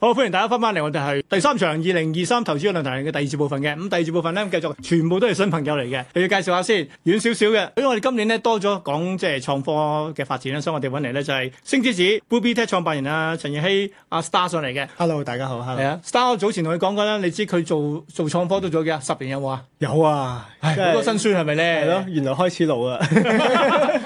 好，歡迎大家翻翻嚟，我哋係第三場二零二三投資嘅論壇嘅第二節部分嘅。咁第二節部分咧，繼續全部都係新朋友嚟嘅，又要介紹下先。遠少少嘅，因為我哋今年咧多咗講即係創科嘅發展啦，所以我哋揾嚟咧就係星之子 Bobby Tech 創辦人啊，陳易希阿 Star 上嚟嘅。Hello，大家好，係啊。Star，我早前同佢講過啦，你知佢做做創科都做嘅，十年有冇啊？有啊，好多辛酸係咪咧？係咯，原來開始老啊。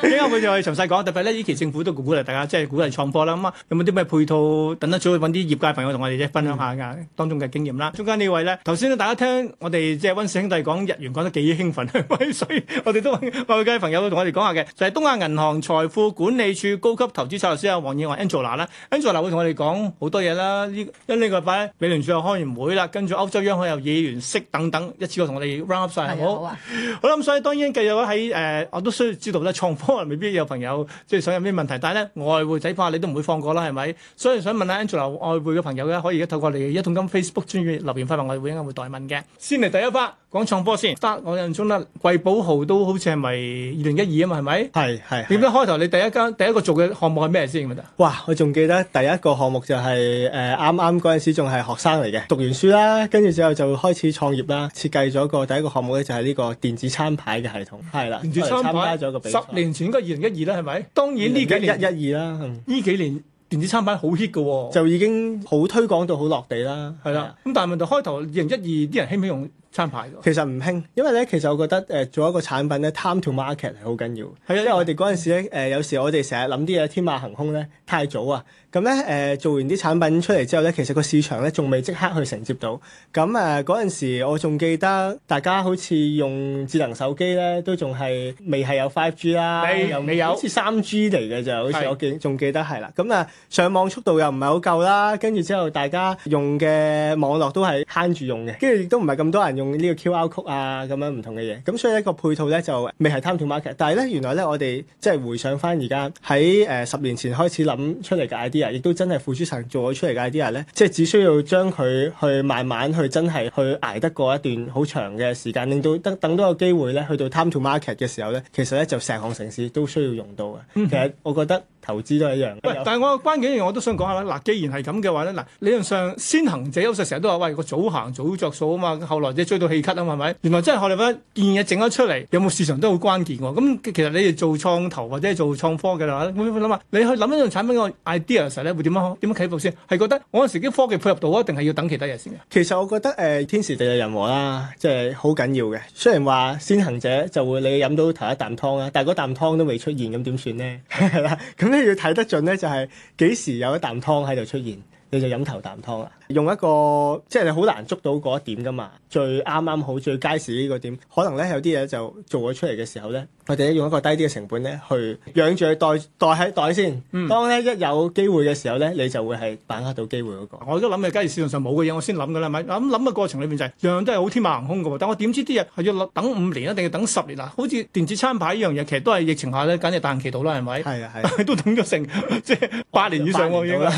點解會就係詳細講？特別呢，呢期政府都鼓勵大家即係鼓勵創科啦。咁啊，有冇啲咩配套？等得早去揾啲業界。我同我哋啫，分享下噶當中嘅經驗啦。中間位呢位咧，頭先咧，大家聽我哋即係溫氏兄弟講日元講得幾興奮，所以我哋都外匯界嘅朋友都同我哋講下嘅，就係、是、東亞銀行財富管理處高級投資策略師啊，黃燕娥 Angela 啦呢，Angela 會同我哋講好多嘢啦。因呢呢個禮拜美聯儲又開完會啦，跟住歐洲央行又議完息等等，一次過同我哋 wrap 曬，嗎好。好、嗯、啦，咁所以當然繼續喺誒、呃，我都需要知道咧，創科未必有朋友即係、就是、想有咩問題，但係咧外匯仔怕你都唔會放過啦，係咪？所以想問下 Angela 外匯嘅朋友朋友咧，可以一透過你一桶金 Facebook 專頁留言發問，我哋會應該會代問嘅。先嚟第一 part，講創科先。得我印象中咧，貴寶號都好似係咪二零一二啊嘛？係咪？係係。點樣開頭你第一間第一個做嘅項目係咩先？哇！我仲記得第一個項目就係誒啱啱嗰陣時仲係學生嚟嘅，讀完書啦，跟住之後就開始創業啦，設計咗個第一個項目咧就係呢個電子餐牌嘅系統。係啦，電子餐牌，連住參加咗個比賽。十年前應該二零一二啦，係咪？當然呢幾年一一二啦，依幾年。電子餐牌好 hit 嘅、哦，就已經好推廣到好落地啦，係啦的。咁的但係問題開頭二零一二啲人起唔起用？三排，其實唔興，因為咧，其實我覺得誒、呃、做一個產品咧，time to market 係好緊要。係啊，因為我哋嗰陣時咧，誒、呃的呃、有時我哋成日諗啲嘢天馬行空咧，太早啊。咁咧誒做完啲產品出嚟之後咧，其實個市場咧仲未即刻去承接到。咁誒嗰陣時我仲記得大家好似用智能手機咧，都仲係未係有 5G 啦，又未，未有，好似三 G 嚟嘅就，好似的我記仲記得係啦。咁、嗯、啊上網速度又唔係好夠啦，跟住之後大家用嘅網絡都係慳住用嘅，跟住亦都唔係咁多人用。用呢個 QR Code 啊，咁樣唔同嘅嘢，咁所以一個配套咧就未係 time to market，但係咧原來咧我哋即係回想翻而家喺誒十年前開始諗出嚟嘅 idea，亦都真係付諸實做咗出嚟嘅 idea 咧，即係只需要將佢去慢慢去真係去捱得過一段好長嘅時間，令到得等到個機會咧去到 time to market 嘅時候咧，其實咧就成行城市都需要用到嘅。嗯、哼其實我覺得。投資都係一樣。喂， 但係我關鍵一樣我都想講下啦。嗱，既然係咁嘅話咧，嗱，理論上先行者優勢成日都話，喂，個早行早着數啊嘛。後來者追到氣咳啊，係咪？原來真係學你話，件嘢整咗出嚟有冇市場都好關鍵喎，啊。咁其實你哋做創投或者做創科嘅啦，會唔會諗下你去諗一樣產品嘅 idea 嘅時候咧，會點樣點樣起步先？係覺得我陣時啲科技配合到啊，定係要等其他嘢先嘅？其實我覺得誒、呃，天時地利人和啦，即係好緊要嘅。雖然話先行者就會你飲到頭一啖湯啦，但係嗰啖湯都未出現，咁點算呢？係啦，咁。你要睇得準咧，就係幾時有一啖湯喺度出現，你就飲頭啖湯啦。用一個即係你好難捉到嗰一點噶嘛，最啱啱好、最街市呢個點，可能咧有啲嘢就做咗出嚟嘅時候咧，我哋用一個低啲嘅成本咧去養住佢，待待喺袋先。嗯、當咧一有機會嘅時候咧，你就會係把握到機會嗰、那個。我都諗嘅，假如市場上冇嘅嘢，我先諗㗎啦，係咪？諗諗嘅過程裏面就係、是、樣樣都係好天馬行空嘅喎。但我點知啲嘢係要等五年，一定要等十年啊？好似電子餐牌呢樣嘢，其實都係疫情下咧，簡直大行其道啦，係咪？係啊係啊，啊 都等咗成即係八年以上咁，點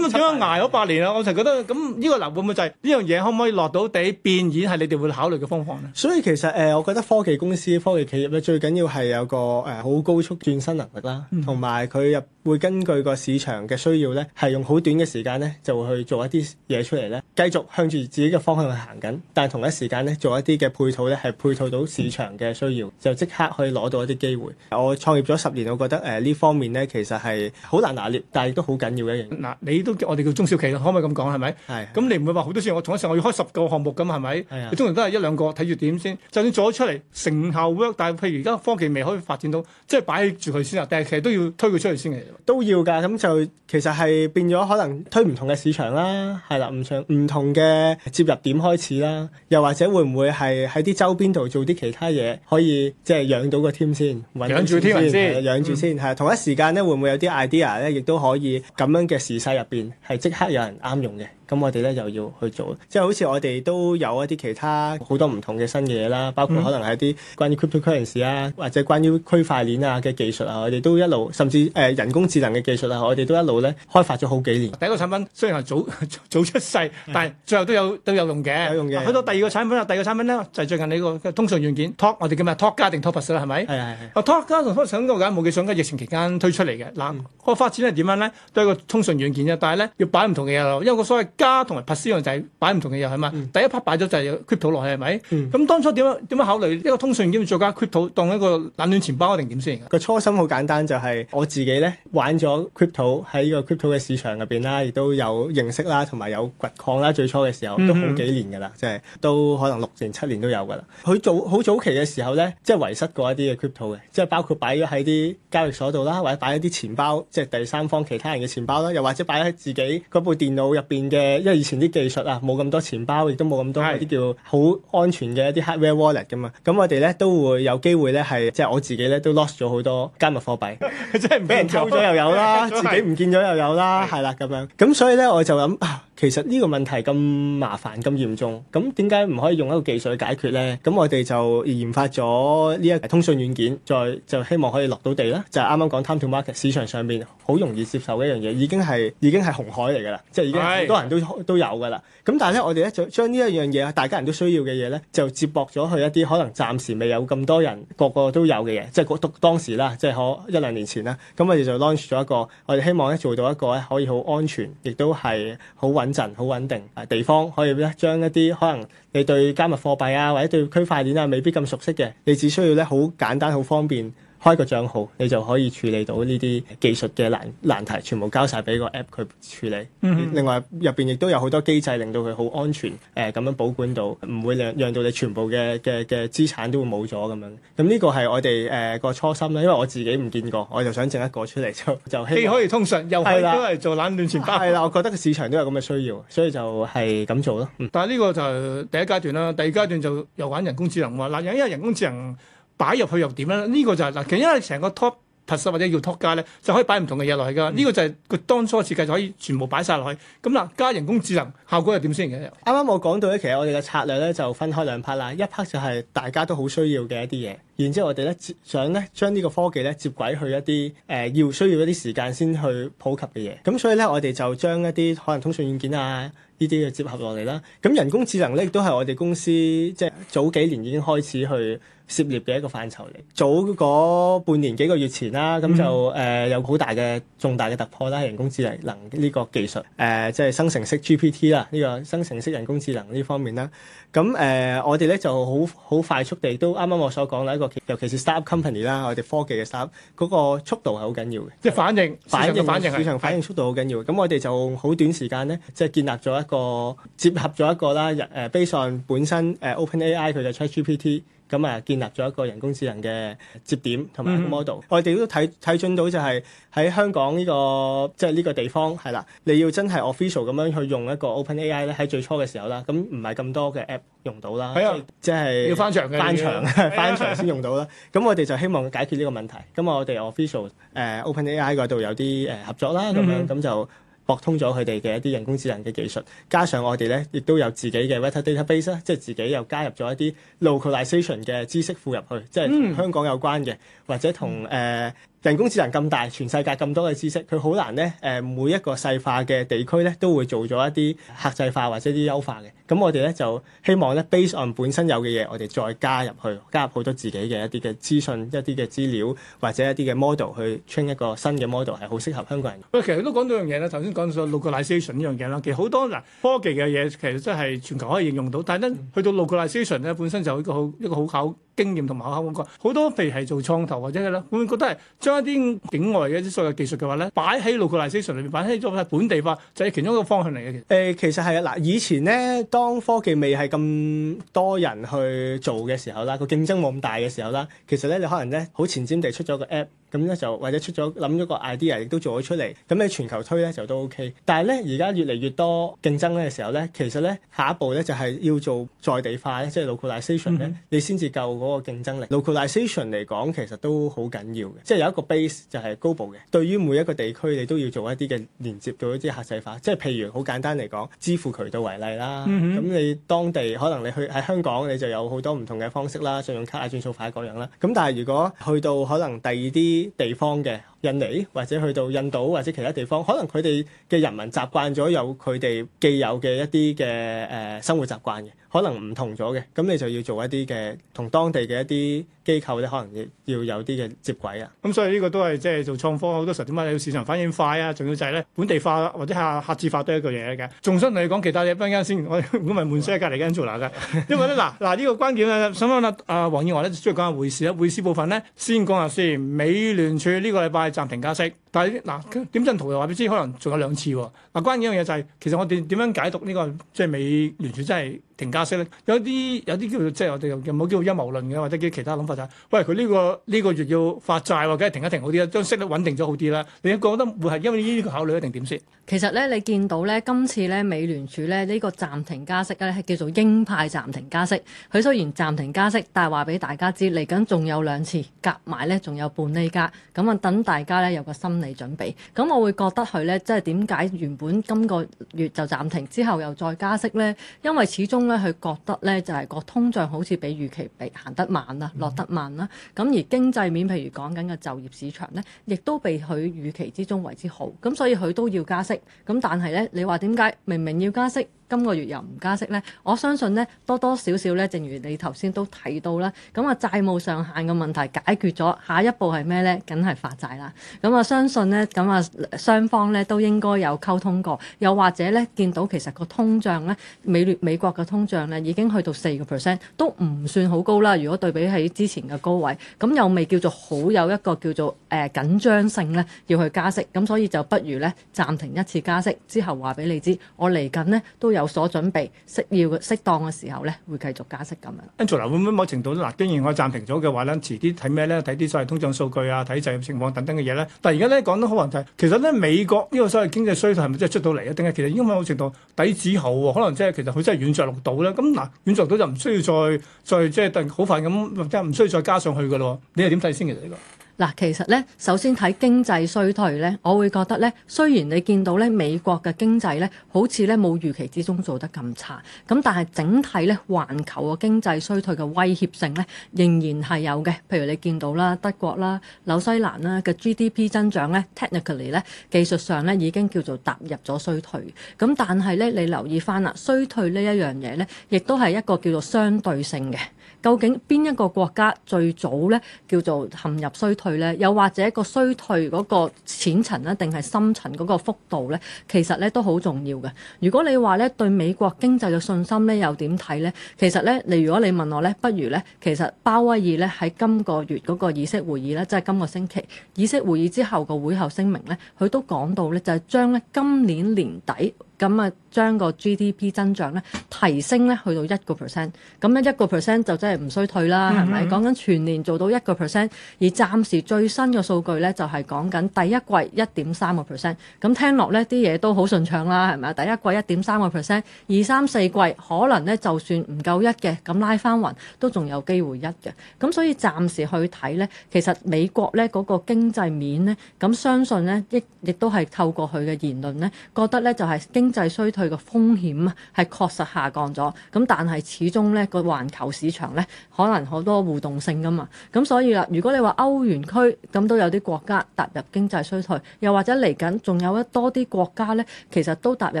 解捱咗八年啊、嗯哎？ 我成覺得。咁呢個嗱會唔會就係呢樣嘢可唔可以落到地變現係你哋會考慮嘅方法咧？所以其實誒、呃，我覺得科技公司、科技企業咧最緊要係有個誒好、呃、高速轉身能力啦，同埋佢入，會根據個市場嘅需要咧，係用好短嘅時間咧，就會去做一啲嘢出嚟咧，繼續向住自己嘅方向去行緊。但係同一時間咧，做一啲嘅配套咧，係配套到市場嘅需要，嗯、就即刻可以攞到一啲機會。我創業咗十年，我覺得誒呢、呃、方面咧，其實係好難拿捏，但亦都好緊要嘅一樣。嗱，你都我哋叫中小企可唔可以咁講係咪？係。咁、啊、你唔會話好多時，我同一時我要開十個項目咁係咪？係啊。通常都係一兩個睇住點先。就算做咗出嚟成效 work，但係譬如而家科技未可以發展到，即係擺住佢先啊。但係其實都要推佢出去先嘅。都要㗎，咁就其實係變咗可能推唔同嘅市場啦，係啦，唔同唔同嘅接入點開始啦，又或者會唔會係喺啲周邊度做啲其他嘢，可以即係養到個 team 先，養住 team 先，養住先係、嗯、同一時間咧，會唔會有啲 idea 咧，亦都可以咁樣嘅時勢入邊係即刻有人啱用嘅？咁我哋咧又要去做，即係好似我哋都有一啲其他好多唔同嘅新嘢啦，包括可能係一啲關於 cryptocurrency 啊，或者關於區塊鏈啊嘅技術啊，我哋都一路甚至誒、呃、人工智能嘅技術啊，我哋都一路咧開發咗好幾年。第一個產品雖然係早早出世，但係最後都有的都有用嘅，有用嘅、啊。去到第二個產品啊，第二個產品咧就係、是、最近呢個通訊軟件 Talk 我哋叫咩 Talk 加定 TalkPlus 啦，係咪？係係 Talk 加同 TalkPlus 響個間冇幾想。緊，疫情期間推出嚟嘅。嗱、啊、個、嗯、發展係點樣咧？都係個通訊軟件啫，但係咧要擺唔同嘅嘢落，因為個所謂。家同埋拍資用就係擺唔同嘅嘢係嘛？第一 part 擺咗就係有 crypto 落去係咪？咁當初點樣點樣考慮一個通訊兼做加 crypto 當一個冷暖錢包定點先？個初心好簡單，就係我自己咧玩咗 crypto 喺個 crypto 嘅市場入邊啦，亦都有認識啦，同埋有掘礦啦。最初嘅時候都好幾年㗎啦，即係都可能六年七年都有㗎啦。佢早好早期嘅時候咧，即係遺失過一啲嘅 crypto 嘅，即係包括擺咗喺啲交易所度啦，或者擺咗啲錢包，即係第三方其他人嘅錢包啦，又或者擺喺自己嗰部電腦入邊嘅。因為以前啲技術啊，冇咁多錢包，亦都冇咁多嗰啲叫好安全嘅一啲 hardware wallet 噉嘛。咁我哋咧都會有機會咧係，即係我自己咧都 lost 咗好多加密貨幣。即係唔俾人偷咗又有啦， 自己唔見咗又有啦，係啦咁樣。咁所以咧我就諗，其實呢個問題咁麻煩咁嚴重，咁點解唔可以用一個技術去解決咧？咁我哋就研發咗呢一個通訊軟件，再就希望可以落到地啦。就係啱啱講 time to market 市場上邊好容易接受嘅一樣嘢，已經係已經係紅海嚟㗎啦，即係已經好多人都，都有噶啦，咁但係咧，我哋咧就將呢一樣嘢，大家人都需要嘅嘢咧，就接駁咗去一啲可能暫時未有咁多人個個都有嘅嘢，即係嗰當時啦，即係可一兩年前啦，咁、嗯、我哋就 launch 咗一個，我哋希望咧做到一個咧可以好安全，亦都係好穩陣、好穩定啊地方，可以咧將一啲可能你對加密貨幣啊或者對區塊鏈啊未必咁熟悉嘅，你只需要咧好簡單、好方便。開個帳號，你就可以處理到呢啲技術嘅難難題，全部交晒俾個 app 佢處理。嗯、另外入邊亦都有好多機制令到佢好安全，誒、呃、咁樣保管到，唔會讓讓到你全部嘅嘅嘅資產都會冇咗咁樣。咁呢個係我哋誒個初心啦，因為我自己唔見過，我就想整一個出嚟就就。既可以通訊又可以,的又可以做冷暖全包。係啦，我覺得個市場都有咁嘅需要，所以就係咁做咯。嗯、但係呢個就係第一階段啦，第二階段就又玩人工智能喎。嗱，因為人工智能。擺入去又點咧？呢、這個就係、是、嗱，其實因為成個 top 特室或者叫 top 加咧，就可以擺唔同嘅嘢落去噶。呢、嗯、個就係佢當初設計就可以全部擺晒落去咁啦。加人工智能效果又點先嘅？啱啱我講到咧，其實我哋嘅策略咧就分開兩 part 啦。一 part 就係大家都好需要嘅一啲嘢，然之後我哋咧想咧將呢個科技咧接軌去一啲誒要需要一啲時間先去普及嘅嘢。咁所以咧，我哋就將一啲可能通訊軟件啊呢啲嘅接合落嚟啦。咁人工智能咧亦都係我哋公司即係、就是、早幾年已經開始去。涉獵嘅一個範疇嚟，早嗰半年幾個月前啦，咁就誒、嗯呃、有好大嘅重大嘅突破啦。人工智能能呢個技術，誒即係生成式 GPT 啦、這個，呢個生成式人工智能呢方面啦，咁、呃、誒我哋咧就好好快速地都啱啱我所講啦一個，尤其是 startup company 啦，我哋科技嘅 startup 嗰個速度係好緊要嘅，即係反應，反應，反應，市場反應速度好緊要。咁的我哋就好短時間咧，即、就、係、是、建立咗一個結合咗一個啦，日、呃呃、based on 本身誒、呃、Open A I 佢就 Chat GPT。咁啊，建立咗一個人工智能嘅節點同埋 model，我哋都睇睇準到就係喺香港呢、這個即係呢個地方係啦，你要真係 official 咁樣去用一個 Open AI 咧，喺最初嘅時候啦，咁唔係咁多嘅 app 用到啦，即係、嗯就是、要翻牆翻牆場 翻牆先用到啦。咁 我哋就希望解決呢個問題。咁我哋 official 誒、uh, Open AI 嗰度有啲誒、呃、合作啦，咁樣咁、嗯嗯、就。博通咗佢哋嘅一啲人工智能嘅技術，加上我哋咧亦都有自己嘅 water database 啦，即係自己又加入咗一啲 localization 嘅知識庫入去，即係同香港有關嘅，或者同誒、嗯呃、人工智能咁大，全世界咁多嘅知識，佢好難咧誒、呃、每一個細化嘅地區咧都會做咗一啲客製化或者啲優化嘅。咁、嗯、我哋咧就希望咧，base on 本身有嘅嘢，我哋再加入去，加入好多自己嘅一啲嘅資訊、一啲嘅資料或者一啲嘅 model 去 train 一個新嘅 model 係好適合香港人。喂，其實都講到一樣嘢啦，頭先講到 localisation 一樣嘢啦。其實好多嗱科技嘅嘢其實真係全球可以應用到，但係咧去到 localisation 咧本身就一個好一個好考經驗同埋考功課。好多譬如係做創投或者咧，會唔會覺得係將一啲境外嘅一啲所有技術嘅話咧擺喺 localisation 裏面，擺喺本地化，就係、是、其中一個方向嚟嘅？其實其實係啊，嗱，以前咧。當科技未係咁多人去做嘅時候啦，個競爭冇咁大嘅時候啦，其實咧你可能咧好前瞻地出咗個 APP。咁咧就或者出咗諗咗個 idea，亦都做咗出嚟。咁你全球推咧就都 OK。但係咧而家越嚟越多競爭嘅時候咧，其實咧下一步咧就係、是、要做在地化咧，即係 localization 咧，mm hmm. 你先至夠嗰個競爭力。Mm hmm. localization 嚟講其實都好緊要嘅，即係有一個 base 就係 global 嘅。對於每一個地區你都要做一啲嘅連接到一啲客製化。即係譬如好簡單嚟講支付渠道為例啦。咁、mm hmm. 你當地可能你去喺香港，你就有好多唔同嘅方式啦，信用卡、轉數快、各樣啦。咁但係如果去到可能第二啲地方嘅印尼，或者去到印度或者其他地方，可能佢哋嘅人民習慣咗有佢哋既有嘅一啲嘅誒生活習慣嘅。可能唔同咗嘅，咁你就要做一啲嘅同當地嘅一啲機構咧，可能要要有啲嘅接軌啊。咁、嗯、所以呢個都係即係做創科好多時候點解你要市場反應快啊，仲要就係咧本地化或者係客製化都係一個嘢嚟嘅。仲想同你講其他嘢陣間先，我唔係悶死喺隔離間做嘢嘅， 因為咧嗱嗱呢、呢個關鍵咧，想問下阿黃燕娥咧，最講下匯市啦。匯市部分咧，先講下先。美聯儲呢個禮拜暫停加息。但係嗱，點陣圖又話俾你知，可能仲有兩次喎。嗱，關鍵一樣嘢就係、是，其實我哋點樣解讀、這個、呢個即係美聯儲真係停加息咧？有啲有啲叫做即係我哋又冇叫做陰謀論嘅，或者叫其他諗法就係：喂，佢呢、這個呢、這個月要發債，梗係停一停好啲啦，將息率穩定咗好啲啦。你覺得會係因為呢個考慮定，定點先？其實咧，你見到咧，今次咧，美聯儲咧呢、呢個暫停加息咧，係叫做鷹派暫停加息。佢雖然暫停加息，但係話俾大家知，嚟緊仲有兩次，夾埋咧仲有半厘加。咁啊，等大家咧有個心理準備。咁我會覺得佢咧，即係點解原本今個月就暫停之後又再加息咧？因為始終咧，佢覺得咧就係、是、個通脹好似比預期比行得慢啦，落得慢啦。咁、嗯、而經濟面譬如講緊嘅就業市場咧，亦都被佢預期之中為之好。咁所以佢都要加息。咁但係呢，你話點解明明要加息？今個月又唔加息咧，我相信咧多多少少咧，正如你頭先都提到啦，咁啊債務上限嘅問題解決咗，下一步係咩咧？梗係發債啦。咁啊相信咧，咁啊雙方咧都應該有溝通過，又或者咧見到其實個通脹咧，美美國嘅通脹咧已經去到四個 percent，都唔算好高啦。如果對比起之前嘅高位，咁又未叫做好有一個叫做誒緊張性咧要去加息，咁所以就不如咧暫停一次加息，之後話俾你知，我嚟緊咧都，有所準備，適要適當嘅時候咧，會繼續加息咁樣。Andrew 嗱，會唔會某程度咧，嗱，既然我暫停咗嘅話咧，遲啲睇咩咧？睇啲所謂通脹數據啊、體制情況等等嘅嘢咧。但係而家咧講得好難睇，其實咧美國呢個所謂經濟衰退係咪真係出到嚟一定？緊其實因為某程度底子好喎、哦，可能即、就、係、是、其實佢真係軟着陸到咧。咁、嗯、嗱，軟着陸到就唔需要再再即係好快咁，即係唔需要再加上去嘅咯。你係點睇先？其實呢個？嗱，其實咧，首先睇經濟衰退咧，我會覺得咧，雖然你見到咧美國嘅經濟咧，好似咧冇預期之中做得咁差，咁但係整體咧，環球嘅經濟衰退嘅威脅性咧，仍然係有嘅。譬如你見到啦，德國啦、紐西蘭啦嘅 GDP 增長咧，technically 咧，技術上咧已經叫做踏入咗衰退。咁但係咧，你留意翻啦，衰退呢一樣嘢咧，亦都係一個叫做相對性嘅。究竟邊一個國家最早咧叫做陷入衰退。佢咧，又或者個衰退嗰個淺層，定係深層嗰個幅度咧，其實咧都好重要嘅。如果你話咧對美國經濟嘅信心咧又點睇咧，其實咧你如果你問我咧，不如咧，其實鮑威爾咧喺今個月嗰個議息會議咧，即係今個星期議息會議之後嘅會後聲明咧，佢都講到咧，就係將咧今年年底。咁啊，將個 GDP 增長咧提升咧去到一個 percent，咁咧一個 percent 就真係唔衰退啦，係咪、嗯？講緊全年做到一個 percent，而暫時最新嘅數據咧就係、是、講緊第一季一點三個 percent，咁聽落咧啲嘢都好順暢啦，係咪啊？第一季一點三個 percent，二三四季可能咧就算唔夠一嘅，咁拉翻雲都仲有機會一嘅，咁所以暫時去睇咧，其實美國咧嗰、那個經濟面咧，咁相信咧亦亦都係透過佢嘅言論咧，覺得咧就係、是、經。經濟衰退嘅風險係確實下降咗，咁但係始終呢個環球市場呢，可能好多互動性噶嘛，咁所以啦，如果你話歐元區咁都有啲國家踏入經濟衰退，又或者嚟緊仲有一多啲國家呢，其實都踏入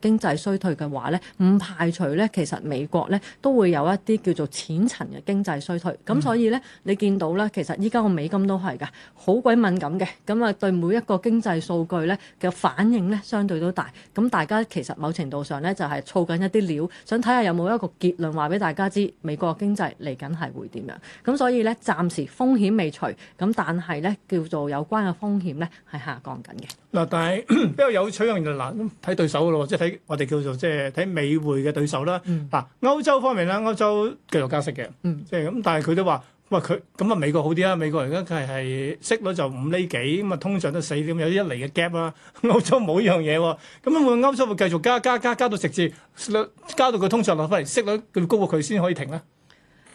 經濟衰退嘅話呢，唔排除呢其實美國呢都會有一啲叫做淺層嘅經濟衰退，咁、嗯、所以呢，你見到呢，其實依家個美金都係噶，好鬼敏感嘅，咁啊對每一個經濟數據呢，嘅反應呢，相對都大，咁大家其實其實某程度上咧，就係湊緊一啲料，想睇下有冇一個結論，話俾大家知美國嘅經濟嚟緊係會點樣。咁所以咧，暫時風險未除，咁但係咧，叫做有關嘅風險咧係下降緊嘅。嗱，但係 比較有趣嘅，嗱，睇對手嘅咯，即係睇我哋叫做即係睇美匯嘅對手啦。嗱、嗯，歐洲方面咧，歐洲繼續加息嘅，即係咁，但係佢都話。喂，佢咁啊美國好啲啦。美國而家佢係息率就五厘幾，咁、嗯、啊通脹都四點、嗯，有啲一厘嘅 gap 啦。歐洲冇呢樣嘢喎，咁會唔會歐洲會繼續加加加加到直至率加到個通脹落翻嚟，息率咁高過佢先可以停啦。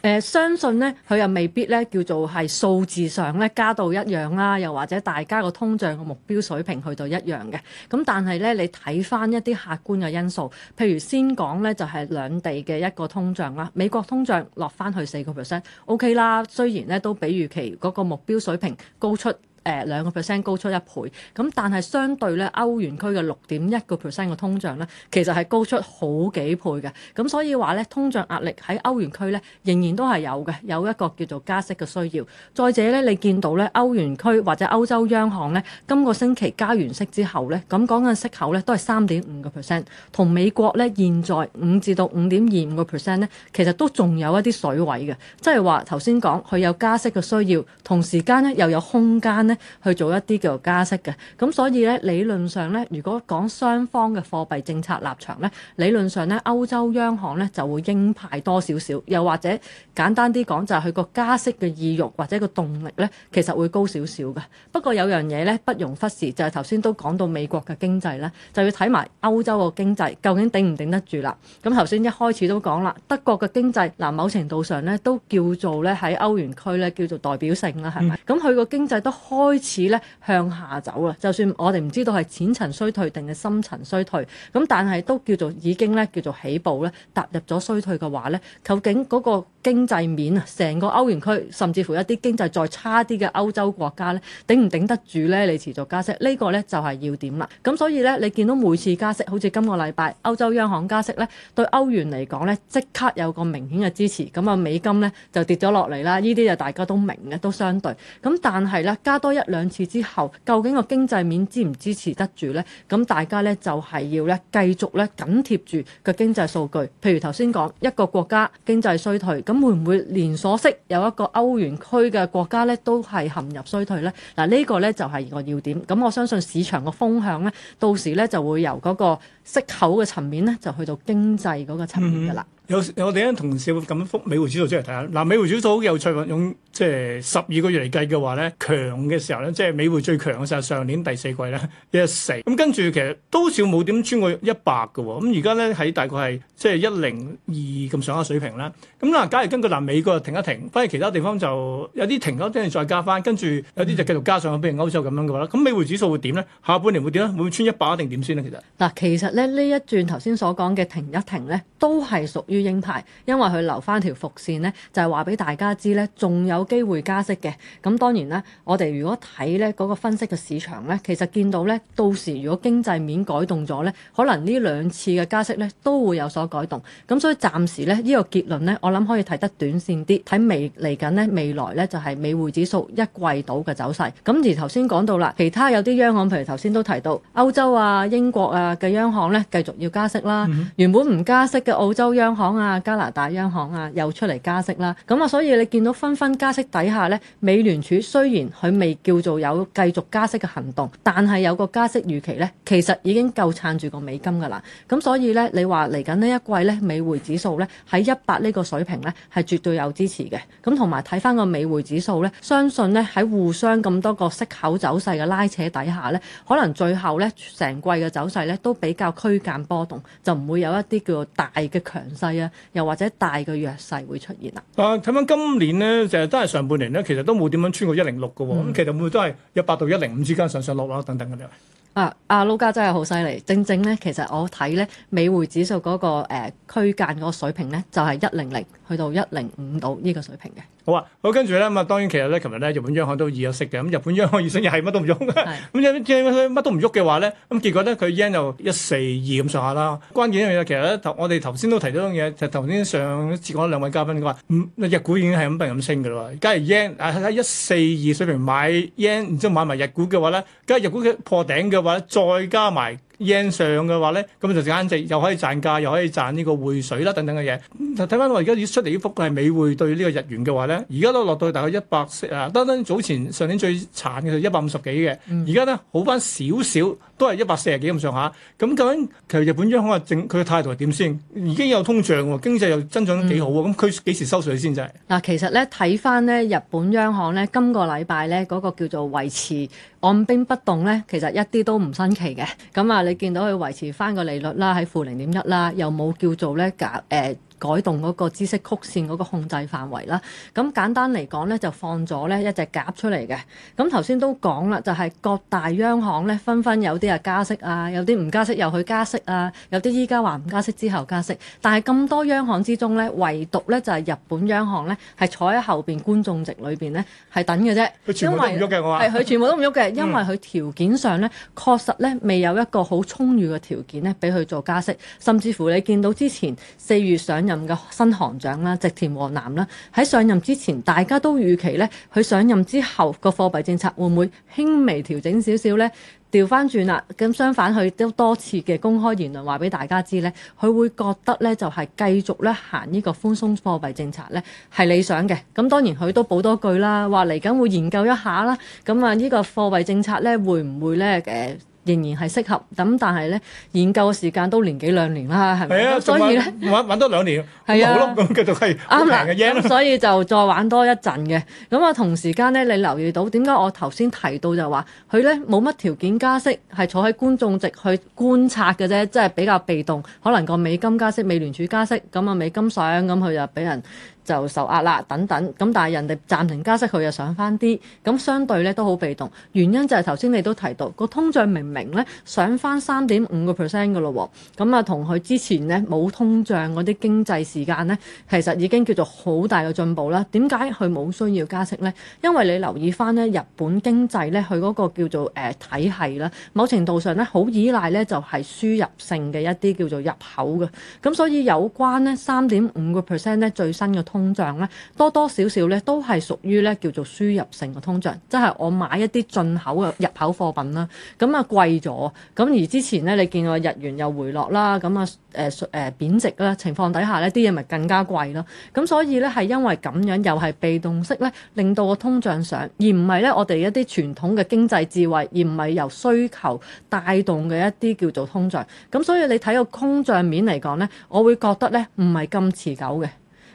誒、呃、相信咧，佢又未必咧叫做係數字上咧加到一樣啦，又或者大家個通脹個目標水平去到一樣嘅。咁但係咧，你睇翻一啲客觀嘅因素，譬如先講咧就係、是、兩地嘅一個通脹啦。美國通脹落翻去四個 percent，OK、OK、啦。雖然咧都比預期嗰個目標水平高出。誒兩個 percent 高出一倍，咁但係相對咧歐元區嘅六點一個 percent 嘅通脹咧，其實係高出好幾倍嘅，咁所以話咧通脹壓力喺歐元區咧仍然都係有嘅，有一個叫做加息嘅需要。再者咧，你見到咧歐元區或者歐洲央行咧今個星期加完息之後咧，咁講緊息口咧都係三點五個 percent，同美國咧現在五至到五點二五個 percent 咧，其實都仲有一啲水位嘅，即係話頭先講佢有加息嘅需要，同時間咧又有空間。去做一啲叫做加息嘅，咁所以咧理論上咧，如果講雙方嘅貨幣政策立場咧，理論上咧歐洲央行咧就會鷹派多少少，又或者簡單啲講就係佢個加息嘅意欲或者個動力咧，其實會高少少嘅。不過有樣嘢咧不容忽視，就係頭先都講到美國嘅經濟咧，就要睇埋歐洲個經濟究竟頂唔頂得住啦。咁頭先一開始都講啦，德國嘅經濟嗱某程度上咧都叫做咧喺歐元區咧叫做代表性啦，係咪？咁佢個經濟都開開始咧向下走啦，就算我哋唔知道係淺層衰退定係深層衰退，咁但係都叫做已經咧叫做起步咧踏入咗衰退嘅話咧，究竟嗰個經濟面啊，成個歐元區甚至乎一啲經濟再差啲嘅歐洲國家咧，頂唔頂得住咧？你持續加息、這個、呢個咧就係、是、要點啦。咁所以咧，你見到每次加息，好似今個禮拜歐洲央行加息咧，對歐元嚟講咧即刻有個明顯嘅支持，咁啊美金咧就跌咗落嚟啦。呢啲就大家都明嘅，都相對。咁但係咧加多。一兩次之後，究竟個經濟面支唔支持得住呢？咁大家呢，就係要呢繼續呢緊貼住個經濟數據，譬如頭先講一個國家經濟衰退，咁會唔會連鎖式有一個歐元區嘅國家呢都係陷入衰退呢？嗱，呢個呢，就係個要點。咁我相信市場嘅風向呢，到時呢，就會由嗰個息口嘅層面呢，就去到經濟嗰個層面噶啦。嗯有我哋咧，同事會咁樣覆美匯指數出嚟睇下。嗱，美匯指數好有趣，用即係十二個月嚟計嘅話咧，強嘅時候咧，即係美匯最強嘅時候，上年第四季咧，一四。咁跟住其實多少冇點穿過一百㗎喎。咁而家咧，喺大概係即係一零二咁上下水平啦。咁嗱，假如根據嗱美國停一停，反而其他地方就有啲停咗，跟住再加翻，跟住有啲就繼續加上，譬如歐洲咁樣嘅話咧，咁美匯指數會點咧？下半年會點咧？會唔會穿一百定點先咧？其實嗱，其實咧呢一轉，頭先所講嘅停一停咧，都係屬於。鷹派，因為佢留翻條伏線呢，就係話俾大家知呢，仲有機會加息嘅。咁當然啦，我哋如果睇呢嗰個分析嘅市場呢，其實見到呢，到時如果經濟面改動咗呢，可能呢兩次嘅加息呢都會有所改動。咁所以暫時呢，呢、呢個結論呢，我諗可以睇得短線啲，睇未嚟緊呢未來呢，來就係美匯指數一季度嘅走勢。咁而頭先講到啦，其他有啲央行，譬如頭先都提到歐洲啊、英國啊嘅央行呢，繼續要加息啦。嗯、哼原本唔加息嘅澳洲央行。港啊，加拿大央行啊，又出嚟加息啦，咁、嗯、啊，所以你見到紛紛加息底下咧，美聯儲雖然佢未叫做有繼續加息嘅行動，但係有個加息預期咧，其實已經夠撐住個美金噶啦。咁、嗯、所以咧，你話嚟緊呢一季咧，美匯指數咧喺一百呢個水平咧，係絕對有支持嘅。咁同埋睇翻個美匯指數咧，相信咧喺互相咁多個息口走勢嘅拉扯底下咧，可能最後咧成季嘅走勢咧都比較區間波動，就唔會有一啲叫做大嘅強勢。又或者大嘅弱勢會出現啦。啊，睇返今年咧，就係真係上半年咧，其實都冇點樣穿過一零六嘅，咁、嗯、其實會都係一百到一零五之間上上落落等等咁樣。啊，阿盧家真係好犀利，正正咧，其實我睇咧美匯指數嗰、嗰個誒區間嗰個水平咧，就係一零零去到一零五度呢個水平嘅。好啊，好跟住咧，咁啊當然其實咧，琴日咧日本央行都已有息嘅，咁、嗯、日本央行二息又係乜都唔喐嘅，咁乜 的都唔喐嘅話咧，咁結果咧佢 yen 就一四二咁上下啦。關鍵一樣其實咧，我哋頭先都提咗樣嘢，就頭先上次講兩位嘉賓講話，日股已經係咁不停咁升嘅咯，假如 yen 一四二水平買 yen，然之後買埋日股嘅話咧，假如日股嘅破頂嘅話再加埋，Yen 上嘅話咧，咁就簡直又可以賺價，又可以賺呢個匯水啦，等等嘅嘢。就睇翻我而家已經出嚟呢幅係美匯對呢個日元嘅話咧，而家都落到去大概一百四啊，單單早前上年最慘嘅就一百五十幾嘅，而家咧好翻少少，都係一百四十幾咁上下。咁究竟其實日本央行啊政佢嘅態度係點先？已經有通脹喎，經濟又增長得幾好喎，咁佢幾時收水先？就係嗱，其實咧睇翻咧日本央行咧今個禮拜咧嗰個叫做維持。按兵不動咧，其實一啲都唔新奇嘅。咁啊，你見到佢維持返個利率啦，喺負零點一啦，又冇叫做咧減誒。改動嗰個知識曲線嗰個控制範圍啦，咁簡單嚟講呢，就放咗呢一隻鴿出嚟嘅。咁頭先都講啦，就係各大央行呢，紛紛有啲啊加息啊，有啲唔加息又去加息啊，有啲依家話唔加息之後加息。但係咁多央行之中呢，唯獨呢就係日本央行呢，係坐喺後邊觀眾席裏邊呢，係等嘅啫。因為係佢全部都唔喐嘅，因為佢條件上呢，確實呢，未有一個好充裕嘅條件呢，俾佢做加息，甚至乎你見到之前四月上任嘅新行長啦，植田和男啦，喺上任之前，大家都預期咧，佢上任之後個貨幣政策會唔會輕微調整少少咧？調翻轉啦，咁相反，佢都多次嘅公開言論話俾大家知咧，佢會覺得咧就係繼續咧行呢個寬鬆貨幣政策咧係理想嘅。咁當然佢都補多句啦，話嚟緊會研究一下啦。咁啊，呢個貨幣政策咧會唔會咧誒？仍然係適合，咁但係咧研究嘅時間都年幾兩年啦，係咪？啊、所以咧，玩玩多兩年，啊、好咯，咁繼續係啱啦。咁吧、嗯、所以就再玩多一陣嘅，咁、嗯、啊同時間咧，你留意到點解我頭先提到就話佢咧冇乜條件加息，係坐喺觀眾席去觀察嘅啫，即係比較被動。可能個美金加息，美聯儲加息，咁、嗯、啊美金上咁佢、嗯、就俾人。就受壓啦，等等咁，但係人哋暫停加息佢又上翻啲，咁相對咧都好被動。原因就係頭先你都提到個通脹明明咧上翻三點五個 percent 嘅咯喎。咁啊同佢之前咧冇通脹嗰啲經濟時間咧，其實已經叫做好大嘅進步啦。點解佢冇需要加息咧？因為你留意翻咧日本經濟咧，佢嗰個叫做誒、呃、體系啦，某程度上咧好依賴咧就係輸入性嘅一啲叫做入口嘅，咁所以有關咧三點五個 percent 咧最新嘅通通脹咧多多少少咧都係屬於咧叫做輸入性嘅通脹，即係我買一啲進口嘅入口貨品啦，咁啊貴咗咁。而之前咧，你見個日元又回落啦，咁啊誒誒貶值啦，情況底下呢啲嘢咪更加貴咯。咁所以咧係因為咁樣又係被動式咧，令到個通脹上，而唔係咧我哋一啲傳統嘅經濟智慧，而唔係由需求帶動嘅一啲叫做通脹。咁所以你睇個通脹面嚟講咧，我會覺得咧唔係咁持久嘅。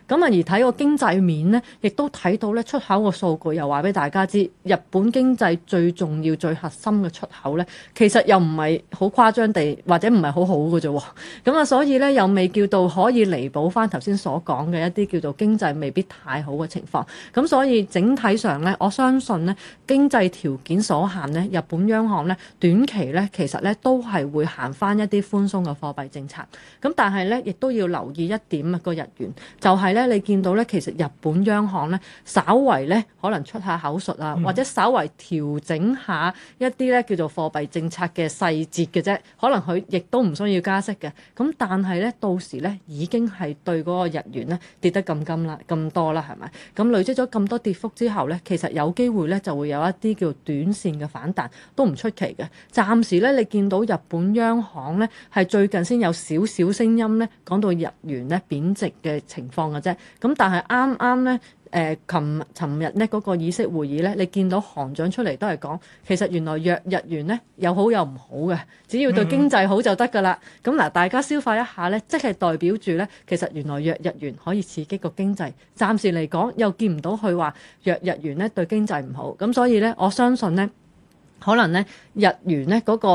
咁啊，而睇個經濟面咧，亦都睇到咧出口個數據，又話俾大家知，日本經濟最重要、最核心嘅出口咧，其實又唔係好誇張地，或者唔係好好嘅啫。咁、嗯、啊，所以咧又未叫到可以彌補翻頭先所講嘅一啲叫做經濟未必太好嘅情況，咁、嗯、所以整體上咧，我相信咧經濟條件所限咧，日本央行咧短期咧其實咧都係會行翻一啲寬鬆嘅貨幣政策。咁、嗯、但係咧，亦都要留意一點啊個日元，就係、是。咧，你見到咧，其實日本央行咧，稍為咧可能出下口述啊，或者稍為調整下一啲咧叫做貨幣政策嘅細節嘅啫，可能佢亦都唔需要加息嘅。咁但係咧，到時咧已經係對嗰個日元咧跌得咁金啦，咁多啦，係咪？咁累積咗咁多跌幅之後咧，其實有機會咧就會有一啲叫短線嘅反彈都唔出奇嘅。暫時咧，你見到日本央行咧係最近先有少少聲音咧講到日元咧貶值嘅情況嘅。啫，咁但係啱啱呢，誒、呃，琴尋日呢嗰，那個意識會議咧，你見到行長出嚟都係講，其實原來弱日元呢有好有唔好嘅，只要對經濟好就得噶啦。咁嗱，嗯啊，大家消化一下呢，即係代表住呢，其實原來弱日元可以刺激個經濟，暫時嚟講又見唔到佢話弱日元呢對經濟唔好，咁所以呢，我相信呢。可能咧日元咧嗰個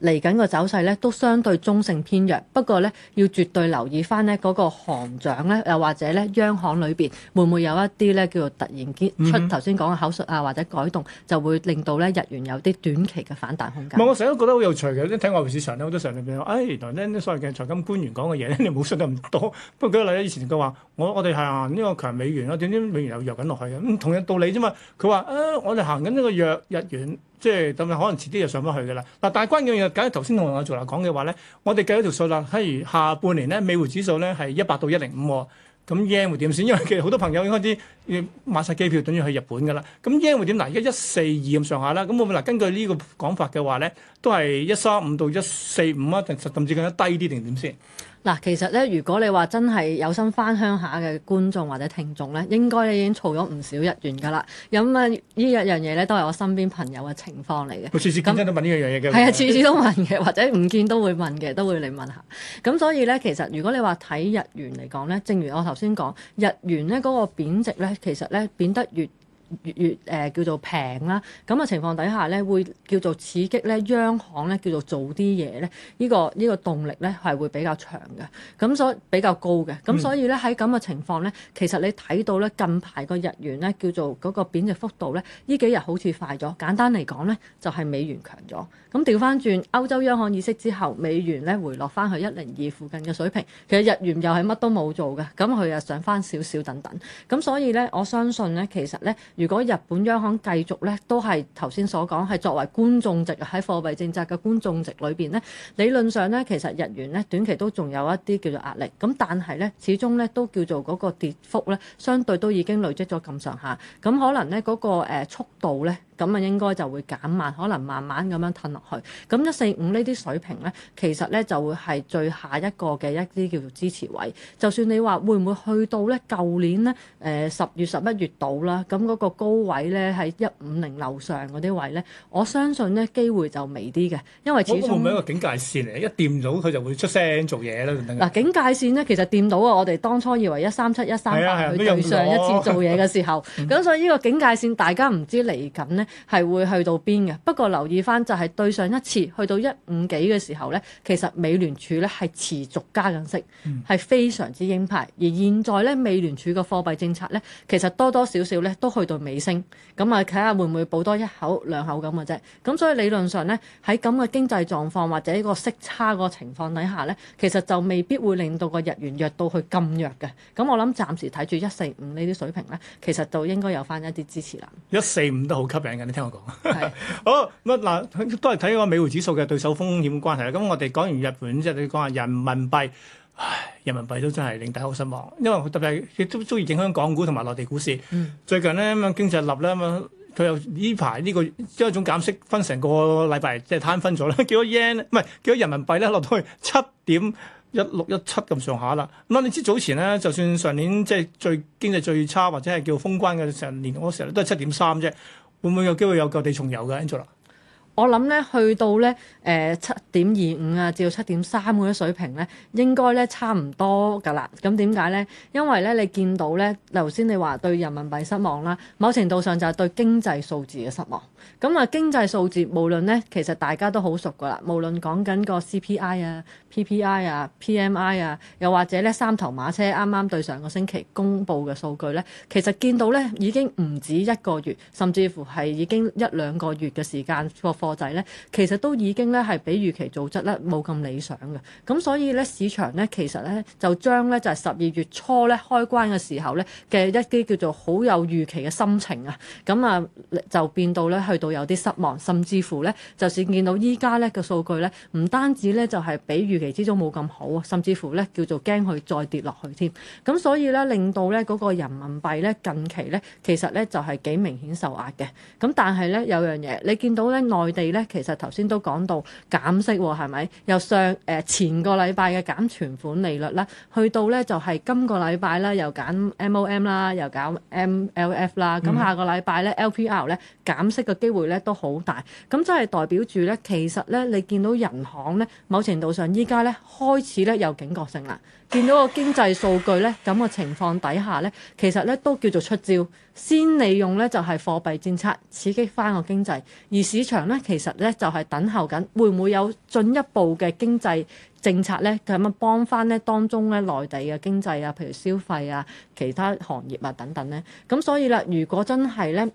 嚟緊個走勢咧都相對中性偏弱，不過咧要絕對留意翻咧嗰個行長咧，又或者咧央行裏邊會唔會有一啲咧叫做突然結出頭先講嘅口述啊，或者改動，就會令到咧日元有啲短期嘅反彈空間。唔係、嗯，我成日都覺得好有趣嘅，啲睇外匯市場咧好多時候你咪話，哎原來咧所謂嘅財金官員講嘅嘢咧，你冇信得咁多。不過舉個例，以前佢話我我哋行呢個強美元啦，點知美元又弱緊落去嘅咁，同樣道理啫嘛。佢話啊，我哋行緊呢個弱日元。即係咁樣，可能遲啲就上翻去㗎啦。嗱，但係關鍵嘅嘢，梗係頭先同阿做立講嘅話咧。我哋計咗條數啦，譬如下半年咧，美匯指數咧係一百到一零五喎。咁日圓會點先？因為其實好多朋友應該知要買晒機票，等於去日本㗎啦。咁日圓會點嗱？而家一四二咁上下啦。咁我嗱，根據呢個講法嘅話咧，都係一三五到一四五啊，甚至更加低啲定點先？嗱，其實咧，如果你話真係有心翻鄉下嘅觀眾或者聽眾咧，應該咧已經儲咗唔少日元噶啦。咁、嗯、啊、呢一樣嘢咧都係我身邊朋友嘅情況嚟嘅。佢次次、嗯、啊、都問呢一樣嘢嘅。係啊，次次都問嘅，或者唔見都會問嘅，都會嚟問下。咁所以咧，其實如果你話睇日元嚟講咧，正如我頭先講，日元咧嗰個貶值咧，其實咧貶得越越越誒叫做平啦，咁嘅情況底下咧，會叫做刺激咧，央行咧叫做做啲嘢咧，呢個呢個動力咧係會比較長嘅，咁所比較高嘅，咁所以咧喺咁嘅情況咧，其實你睇到咧近排個日元咧叫做嗰個貶值幅度咧，呢幾日好似快咗。簡單嚟講咧，就係美元強咗。咁調翻轉歐洲央行議息之後，美元咧回落翻去一零二附近嘅水平，其實日元又係乜都冇做嘅，咁佢又上翻少少等等。咁所以咧，我相信咧，其實咧。如果日本央行繼續咧，都係頭先所講，係作為觀眾席喺貨幣政策嘅觀眾席裏邊咧，理論上咧，其實日元咧短期都仲有一啲叫做壓力。咁但係咧，始終咧都叫做嗰個跌幅咧，相對都已經累積咗咁上下。咁可能咧嗰個誒速度咧，咁啊應該就會減慢，可能慢慢咁樣褪落去。咁一四五呢啲水平咧，其實咧就會係最下一個嘅一啲叫做支持位。就算你話會唔會去到咧舊年咧誒十月十一月度啦，咁嗰個。高位咧喺一五零樓上嗰啲位咧，我相信咧機會就微啲嘅，因為始終唔係一個警戒線嚟，一掂到佢就會出聲做嘢啦。嗱、啊，警戒線咧其實掂到啊，我哋當初以為一三七一三八去對上一次做嘢嘅時候，咁所以呢個警戒線大家唔知嚟緊呢係會去到邊嘅。不過留意翻就係、是、對上一次去到一五幾嘅時候咧，其實美聯儲咧係持續加緊息，係、嗯、非常之鷹派。而現在咧，美聯儲嘅貨幣政策咧，其實多多少少咧都去到。尾升，咁啊睇下會唔會補多一口兩口咁嘅啫。咁、嗯、所以理論上咧，喺咁嘅經濟狀況或者呢個息差個情況底下咧，其實就未必會令到個日元弱到去咁弱嘅。咁、嗯、我諗暫時睇住一四五呢啲水平咧，其實就應該有翻一啲支持啦。一四五都好吸引嘅，你聽我講。係 是。好，咁嗱，都係睇個美匯指數嘅對手風險關係啦。咁我哋講完日本即係，你講下人民幣。唉，人民幣都真係令大家好失望，因為特別係亦都中意影響港股同埋內地股市。嗯、最近咧咁啊經濟立咧咁啊，佢又呢排呢個將一種減息分成個禮拜即係攤分咗啦，叫咗 yen 唔係叫咗人民幣咧，落到去七點一六一七咁上下啦。咁你知早前咧，就算上年即係最經濟最差或者係叫封關嘅成年時候都係七點三啫。會唔會有機會有舊地重遊嘅？Angel。Angela? 我諗咧，去到咧誒七點二五啊，至到七點三嗰啲水平咧，應該咧差唔多㗎啦。咁點解咧？因為咧，你見到咧，頭先你話對人民幣失望啦，某程度上就係對經濟數字嘅失望。咁啊，經濟數字無論咧，其實大家都好熟㗎啦。無論講緊個 CPI 啊、PPI 啊、PMI 啊，又或者咧三頭馬車啱啱對上個星期公布嘅數據咧，其實見到咧已經唔止一個月，甚至乎係已經一兩個月嘅時間個仔咧，其實都已經咧係比預期組織咧冇咁理想嘅，咁所以咧市場咧其實咧就將咧就係十二月初咧開關嘅時候咧嘅一啲叫做好有預期嘅心情啊，咁啊就變到咧去到有啲失望，甚至乎咧就算見到依家咧嘅數據咧唔單止咧就係比預期之中冇咁好啊，甚至乎咧叫做驚佢再跌落去添，咁所以咧令到咧嗰個人民幣咧近期咧其實咧就係幾明顯受壓嘅，咁但係咧有樣嘢你見到咧內哋咧，其實頭先都講到減息喎，係咪？由上誒、呃、前個禮拜嘅減存款利率啦，去到咧就係、是、今個禮拜咧又減 MOM 啦，又減 MLF 啦，咁下個禮拜咧 LPR 咧減息嘅機會咧都好大，咁即係代表住咧，其實咧你見到銀行咧，某程度上依家咧開始咧有警覺性啦。見到個經濟數據呢，咁嘅情況底下呢，其實呢都叫做出招，先利用呢就係、是、貨幣政策刺激翻個經濟，而市場呢，其實呢就係、是、等候緊，會唔會有進一步嘅經濟政策呢，咁樣幫翻呢當中呢內地嘅經濟啊，譬如消費啊、其他行業啊等等呢。咁所以啦，如果真係呢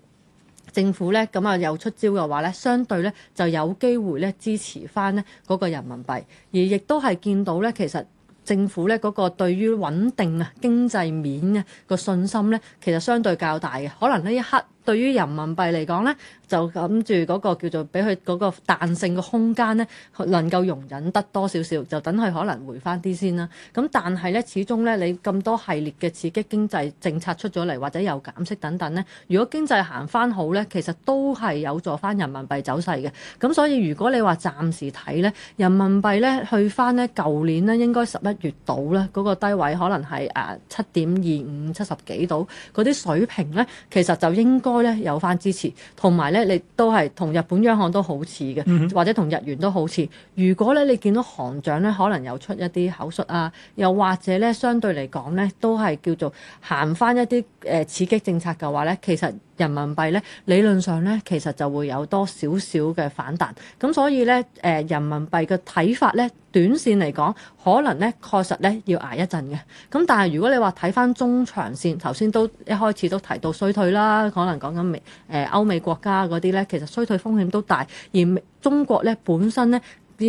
政府呢，咁啊有出招嘅話呢，相對呢就有機會呢支持翻呢嗰個人民幣，而亦都係見到呢其實。政府呢嗰個對於穩定啊經濟面呢個信心呢，其實相對較大嘅，可能呢一刻。對於人民幣嚟講呢，就諗住嗰個叫做俾佢嗰個彈性嘅空間呢，能夠容忍得多少少，就等佢可能回翻啲先啦。咁但係呢，始終呢，你咁多系列嘅刺激經濟政策出咗嚟，或者有減息等等呢，如果經濟行翻好呢，其實都係有助翻人民幣走勢嘅。咁所以如果你話暫時睇呢，人民幣呢去翻呢，舊年呢應該十一月度呢嗰個低位可能係誒七點二五七十幾度嗰啲水平呢，其實就應該。應該咧有翻支持，同埋咧你都係同日本央行都好似嘅，嗯、哼或者同日元都好似。如果咧你見到行長咧可能有出一啲口述啊，又或者咧相對嚟講咧都係叫做行翻一啲誒、呃、刺激政策嘅話咧，其實。人民幣咧，理論上咧，其實就會有多少少嘅反彈。咁所以咧，誒人民幣嘅睇法咧，短線嚟講，可能咧確實咧要捱一陣嘅。咁但係如果你話睇返中長線，頭先都一開始都提到衰退啦，可能講緊美誒、呃、歐美國家嗰啲咧，其實衰退風險都大，而中國咧本身咧，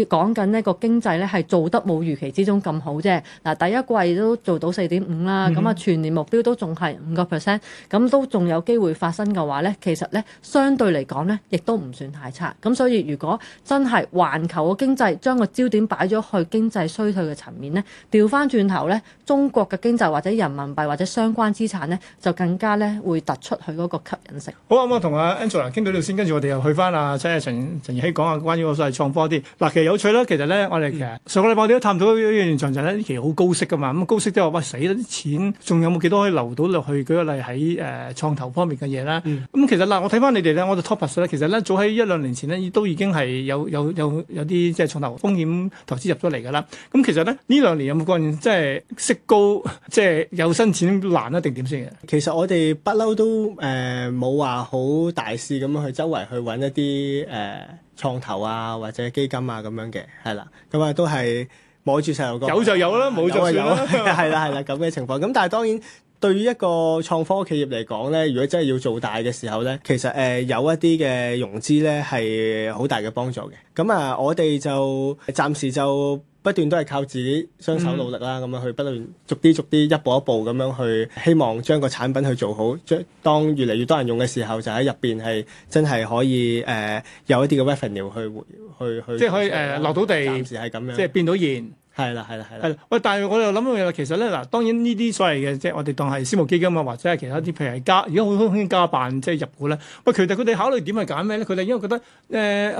講緊呢個經濟咧係做得冇預期之中咁好啫。嗱，第一季都做到四點五啦，咁啊、嗯、全年目標都仲係五個 percent，咁都仲有機會發生嘅話咧，其實咧相對嚟講咧，亦都唔算太差。咁所以如果真係環球嘅經濟將個焦點擺咗去經濟衰退嘅層面咧，調翻轉頭咧，中國嘅經濟或者人民幣或者相關資產咧，就更加咧會突出佢嗰個吸引性。好、啊，咁我同阿 Angela 傾到呢度先，跟住我哋又去翻阿陳陳易希講下關於我所謂創科啲嗱。有趣啦，其實咧，嗯、我哋其實上個禮拜我哋都探討呢個現象就係咧，呢期好高息噶嘛，咁高息即係話，喂死咗啲錢仲有冇幾多可以留到落去？舉個例喺誒、呃、創投方面嘅嘢啦。咁其實嗱，我睇翻你哋咧，我哋 top up 咧，其實咧早喺一兩年前咧都已經係有有有有啲即係創投風險投資入咗嚟噶啦。咁、嗯、其實咧呢兩年有冇改變？即係息高，即係有新錢難啊？定點先？其實我哋不嬲都誒冇話好大肆咁去周圍去揾一啲誒。呃創投啊，或者基金啊，咁樣嘅，係啦，咁、嗯、啊都係摸住細路哥。有就有啦，冇就，就有啦，係啦係啦，咁嘅情況。咁、嗯、但係當然，對於一個創科企業嚟講咧，如果真係要做大嘅時候咧，其實誒、呃、有一啲嘅融資咧係好大嘅幫助嘅。咁、嗯、啊、嗯，我哋就暫時就。不斷都係靠自己雙手努力啦，咁、嗯、樣去不斷逐啲逐啲一步一步咁樣去，希望將個產品去做好。將當越嚟越多人用嘅時候，就喺入邊係真係可以誒、呃、有一啲嘅 Revenue 去去去，去即係可以誒做、呃、落到地，暫時係咁樣，即係變到現。係啦，係啦，係啦。喂，但係我哋又諗到嘢啦。其實咧，嗱，當然呢啲所謂嘅即係，我哋當係私募基金啊，或者係其他啲，譬如係加，而家好多興加辦即係入股咧。喂，其實佢哋考慮點去揀咩咧？佢哋因為覺得誒係、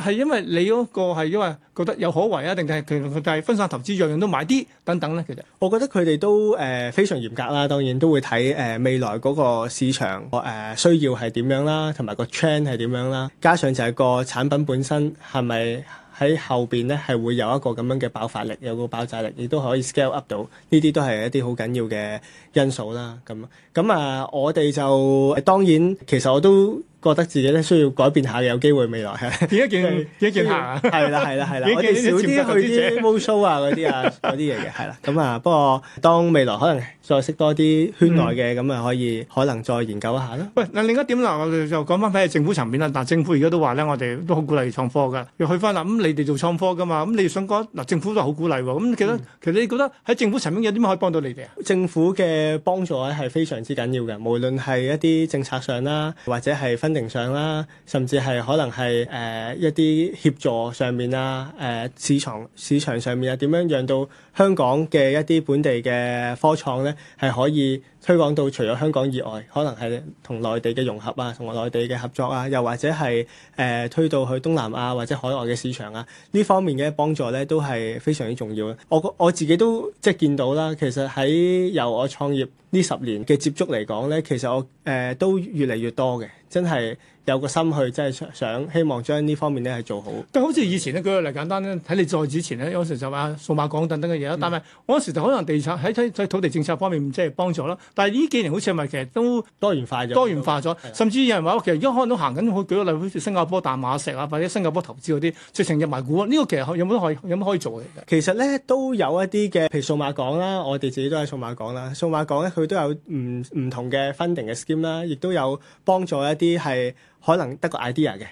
呃、因為你嗰個係因為覺得有可為啊，定定係其實就係分散投資，樣樣都買啲等等咧。其實我覺得佢哋都誒、呃、非常嚴格啦。當然都會睇誒、呃、未來嗰個市場誒、呃、需要係點樣啦，同埋個趨勢係點樣啦。加上就係個產品本身係咪？是喺後邊咧，係會有一個咁樣嘅爆發力，有個爆炸力，亦都可以 scale up 到。呢啲都係一啲好緊要嘅因素啦。咁咁啊，我哋就當然，其實我都覺得自己咧需要改變下，有機會未來係點解見，一見下，係啦，係啦，係啦，我哋少啲去啲 show 啊嗰啲啊嗰啲嘢嘅，係啦。咁啊，不過當未來可能。再識多啲圈內嘅咁啊，可以可能再研究一下咯。喂，嗱另一點啦，我哋就講翻返去政府層面啦。嗱，政府而家都話咧，我哋都好鼓勵創科㗎。要去翻啦，咁你哋做創科㗎嘛，咁你想講嗱，政府都係好鼓勵喎。咁其實其實你覺得喺政府層面有啲乜可以幫到你哋啊？政府嘅幫助咧係非常之緊要嘅，無論係一啲政策上啦，或者係分定上啦，甚至係可能係誒一啲協助上面啦，誒市場市場上面啊，點樣讓到香港嘅一啲本地嘅科創咧？係可以。推廣到除咗香港以外，可能係同內地嘅融合啊，同內地嘅合作啊，又或者係誒、呃、推到去東南亞或者海外嘅市場啊，呢方面嘅幫助咧都係非常之重要嘅。我我自己都即係見到啦，其實喺由我創業呢十年嘅接觸嚟講咧，其實我誒、呃、都越嚟越多嘅，真係有個心去，即係想希望將呢方面咧係做好。但好似以前咧舉個例簡單咧，喺你在之前咧，有時就話數碼港等等嘅嘢啦，但係嗰時就可能地產喺喺喺土地政策方面即係幫助啦。但係呢幾年好似係咪其實都多元化咗，多元化咗，化甚至有人話，的其實而家看到行緊，好舉個例，好似新加坡大馬石啊，或者新加坡投資嗰啲，直情入埋股啊，呢、這個其實有冇可以有冇可以做嘅？其實咧都有一啲嘅，譬如數碼港啦，我哋自己都喺數碼港啦。數碼港咧佢都有唔唔同嘅 funding 嘅 scheme 啦，亦都有幫助一啲係可能得個 idea 嘅，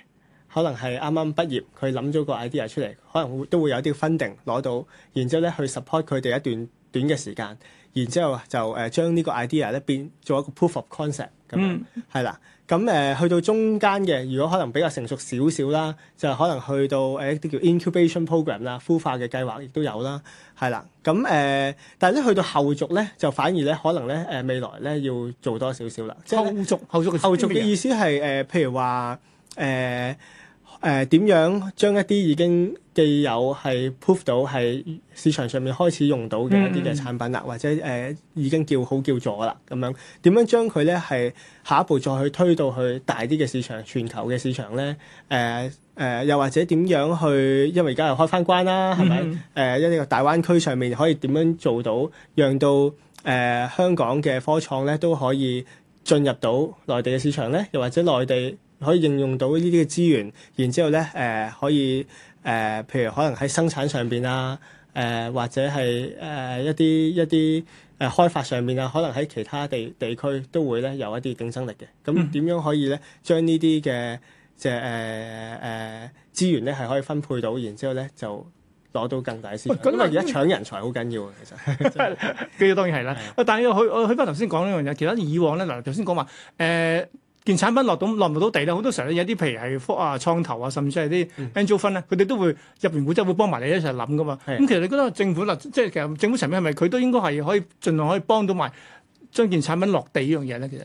可能係啱啱畢業，佢諗咗個 idea 出嚟，可能會都會有啲 funding 攞到，然之後咧去 support 佢哋一段短嘅時間。然之後就誒將呢個 idea 咧變做一個 proof of concept 咁樣係啦，咁誒、嗯呃、去到中間嘅，如果可能比較成熟少少啦，就可能去到誒一啲叫 incubation program 啦，孵化嘅計劃亦都有啦，係啦，咁誒、呃，但係咧去到後續咧，就反而咧可能咧誒未來咧要做多少少啦，即係後續後續嘅意思係誒、呃，譬如話誒。呃誒點、呃、樣將一啲已經既有係 prove 到係市場上面開始用到嘅一啲嘅產品啦，嗯、或者誒、呃、已經叫好叫座啦咁樣，點樣將佢咧係下一步再去推到去大啲嘅市場、全球嘅市場咧？誒、呃、誒、呃，又或者點樣去？因為而家又開翻關啦，係咪、嗯？誒，一、呃、呢個大灣區上面可以點樣做到，讓到誒、呃、香港嘅科創咧都可以進入到內地嘅市場咧？又或者內地？可以應用到呢啲嘅資源，然之後咧誒、呃、可以誒、呃，譬如可能喺生產上邊啊，誒、呃、或者係誒、呃、一啲一啲誒、呃、開發上邊啊，可能喺其他地地區都會咧有一啲競爭力嘅。咁點樣，樣可以咧將呢啲嘅即係誒誒資源咧係可以分配到，然之後咧就攞到更大市場。咁、哦、因為而家搶人才好緊要啊，其實，跟住 當然係啦、啊。喂、嗯，但係佢我佢翻頭先講呢樣嘢，其實以往咧嗱，頭先講話誒。件產品落到落唔到地咧，好多時候有啲譬如係科啊、創投啊，甚至係啲 angel fund 咧，佢哋都會入邊股質會幫埋你一齊諗噶嘛。咁是的、嗯、其實你覺得政府嗱，即係其實政府層面係咪佢都應該係可以盡量可以幫到埋將件產品落地呢樣嘢咧？其實，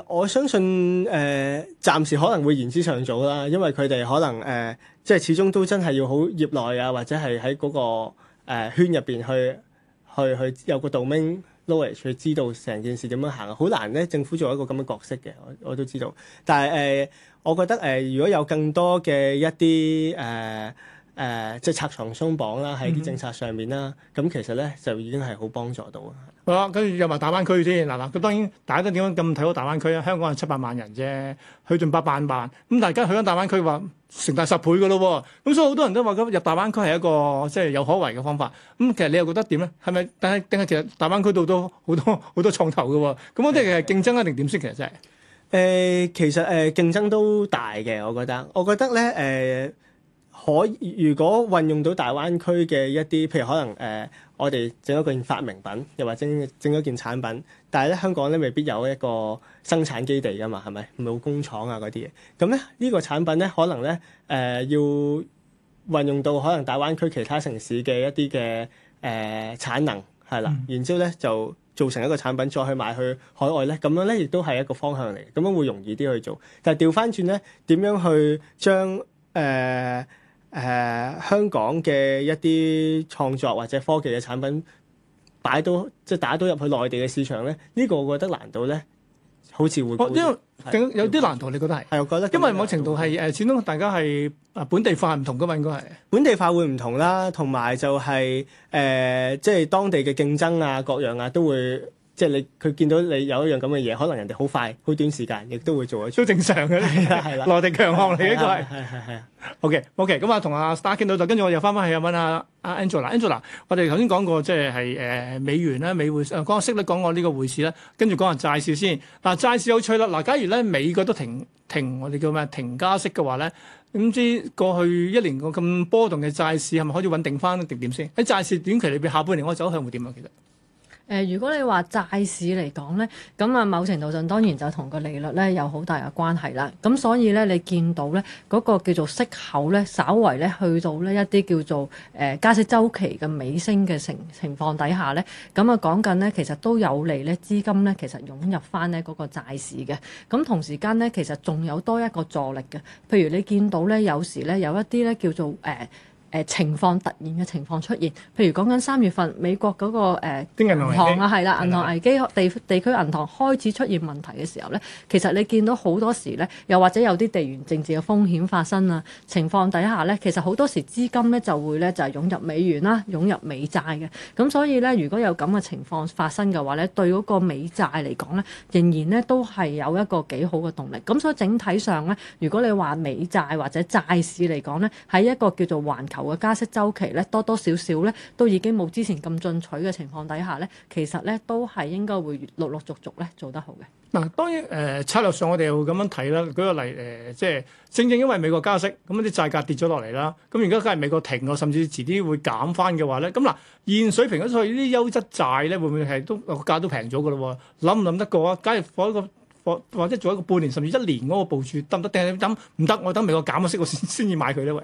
誒，我相信誒、呃，暫時可能會言之尚早啦，因為佢哋可能誒、呃，即係始終都真係要好業內啊，或者係喺嗰個、呃、圈入邊去去去,去有個 domain knowledge 去知道成件事點樣行，好難咧。政府做一個咁嘅角色嘅，我我都知道。但係誒、呃，我覺得誒、呃，如果有更多嘅一啲誒誒，即、呃、係、呃就是、拆牆鬆綁啦，喺啲政策上面啦，咁、mm hmm. 其實咧就已經係好幫助到啊。好啦，跟住又話大灣區先嗱嗱，咁當然大家都點樣咁睇到大灣區咧？香港係七百萬人啫，去盡八百萬咁，大家去緊大灣區話成大十倍嘅咯。咁、嗯、所以好多人都話咁入大灣區係一個即係有可為嘅方法。咁、嗯、其實你又覺得點咧？係咪但係定係其實大灣區度都好多好多創投嘅？咁我哋其實競爭一定點先？其實真係誒，其實誒競爭都大嘅。我覺得，我覺得咧誒。呃可如果運用到大灣區嘅一啲，譬如可能誒、呃，我哋整一個發明品，又話整整嗰件產品，但係咧香港咧未必有一個生產基地噶嘛，係咪唔係工廠啊嗰啲嘢？咁咧呢個產品咧可能咧誒、呃、要運用到可能大灣區其他城市嘅一啲嘅誒產能係啦，嗯、然之後咧就做成一個產品再去賣去海外咧，咁樣咧亦都係一個方向嚟，咁樣會容易啲去做。但係調翻轉咧，點樣去將誒？呃誒、呃、香港嘅一啲創作或者科技嘅產品擺到即係打到入去內地嘅市場咧，呢、這個我覺得難度咧，好似會因為、哦、有啲是難度、啊，你覺得係係我覺得，因為某程度係誒，始終大家係本地化唔同㗎嘛，應該係本地化會唔同啦，同埋就係、是、誒、呃、即係當地嘅競爭啊，各樣啊都會。即係你佢見到你有一樣咁嘅嘢，可能人哋好快、好短時間亦都會做嘅，都正常嘅。係啦 的，係啦，內地強項嚟嘅，佢係係係係 OK OK，咁 Angela, 啊，同阿 Star 傾到就，跟住我又翻返去問阿阿 Angela，Angela，我哋頭先講過即係係誒美元咧、美匯，講、啊、息得講我呢個匯市咧，跟住講下債市先。嗱、啊，債市有趣啦。嗱、啊，假如咧美國都停停，我哋叫咩停加息嘅話咧，唔知過去一年個咁波動嘅債市係咪可以穩定翻定點先？喺債市短期裏邊下半年我嘅走向會點啊？其實。誒，如果你話債市嚟講咧，咁啊某程度上當然就同個利率咧有好大嘅關係啦。咁所以咧，你見到咧嗰、那個叫做息口咧，稍為咧去到咧一啲叫做誒、呃、加息周期嘅尾聲嘅情情況底下咧，咁啊講緊咧其實都有利咧資金咧其實湧入翻咧嗰個債市嘅。咁同時間咧其實仲有多一個助力嘅，譬如你見到咧有時咧有一啲咧叫做誒。呃誒、呃、情況突然嘅情況出現，譬如講緊三月份美國嗰、那個誒、呃、銀行啊，係啦行，了銀行危機地地區銀行開始出現問題嘅時候呢，其實你見到好多時呢，又或者有啲地緣政治嘅風險發生啊，情況底下呢，其實好多時資金呢就會呢，就係、是、湧入美元啦，湧入美債嘅，咁所以呢，如果有咁嘅情況發生嘅話呢，對嗰個美債嚟講呢，仍然呢都係有一個幾好嘅動力。咁所以整體上呢，如果你話美債或者債市嚟講呢，係一個叫做環球。嘅加息周期咧，多多少少咧，都已經冇之前咁進取嘅情況底下咧，其實咧都係應該會陸陸續續咧做得好嘅。嗱，當然誒、呃、策略上我哋會咁樣睇啦。舉個例誒，即、呃、係、就是、正正因為美國加息，咁啲債價跌咗落嚟啦。咁而家梗係美國停甚至遲啲會減翻嘅話咧，咁嗱現水平嗰啲優質債咧，會唔會係都個價都平咗嘅咯？諗唔諗得過啊？假如放一個或者做一個半年甚至一年嗰個部署得唔得？定係諗唔得？我等美國減咗息我先先至買佢咧？喂！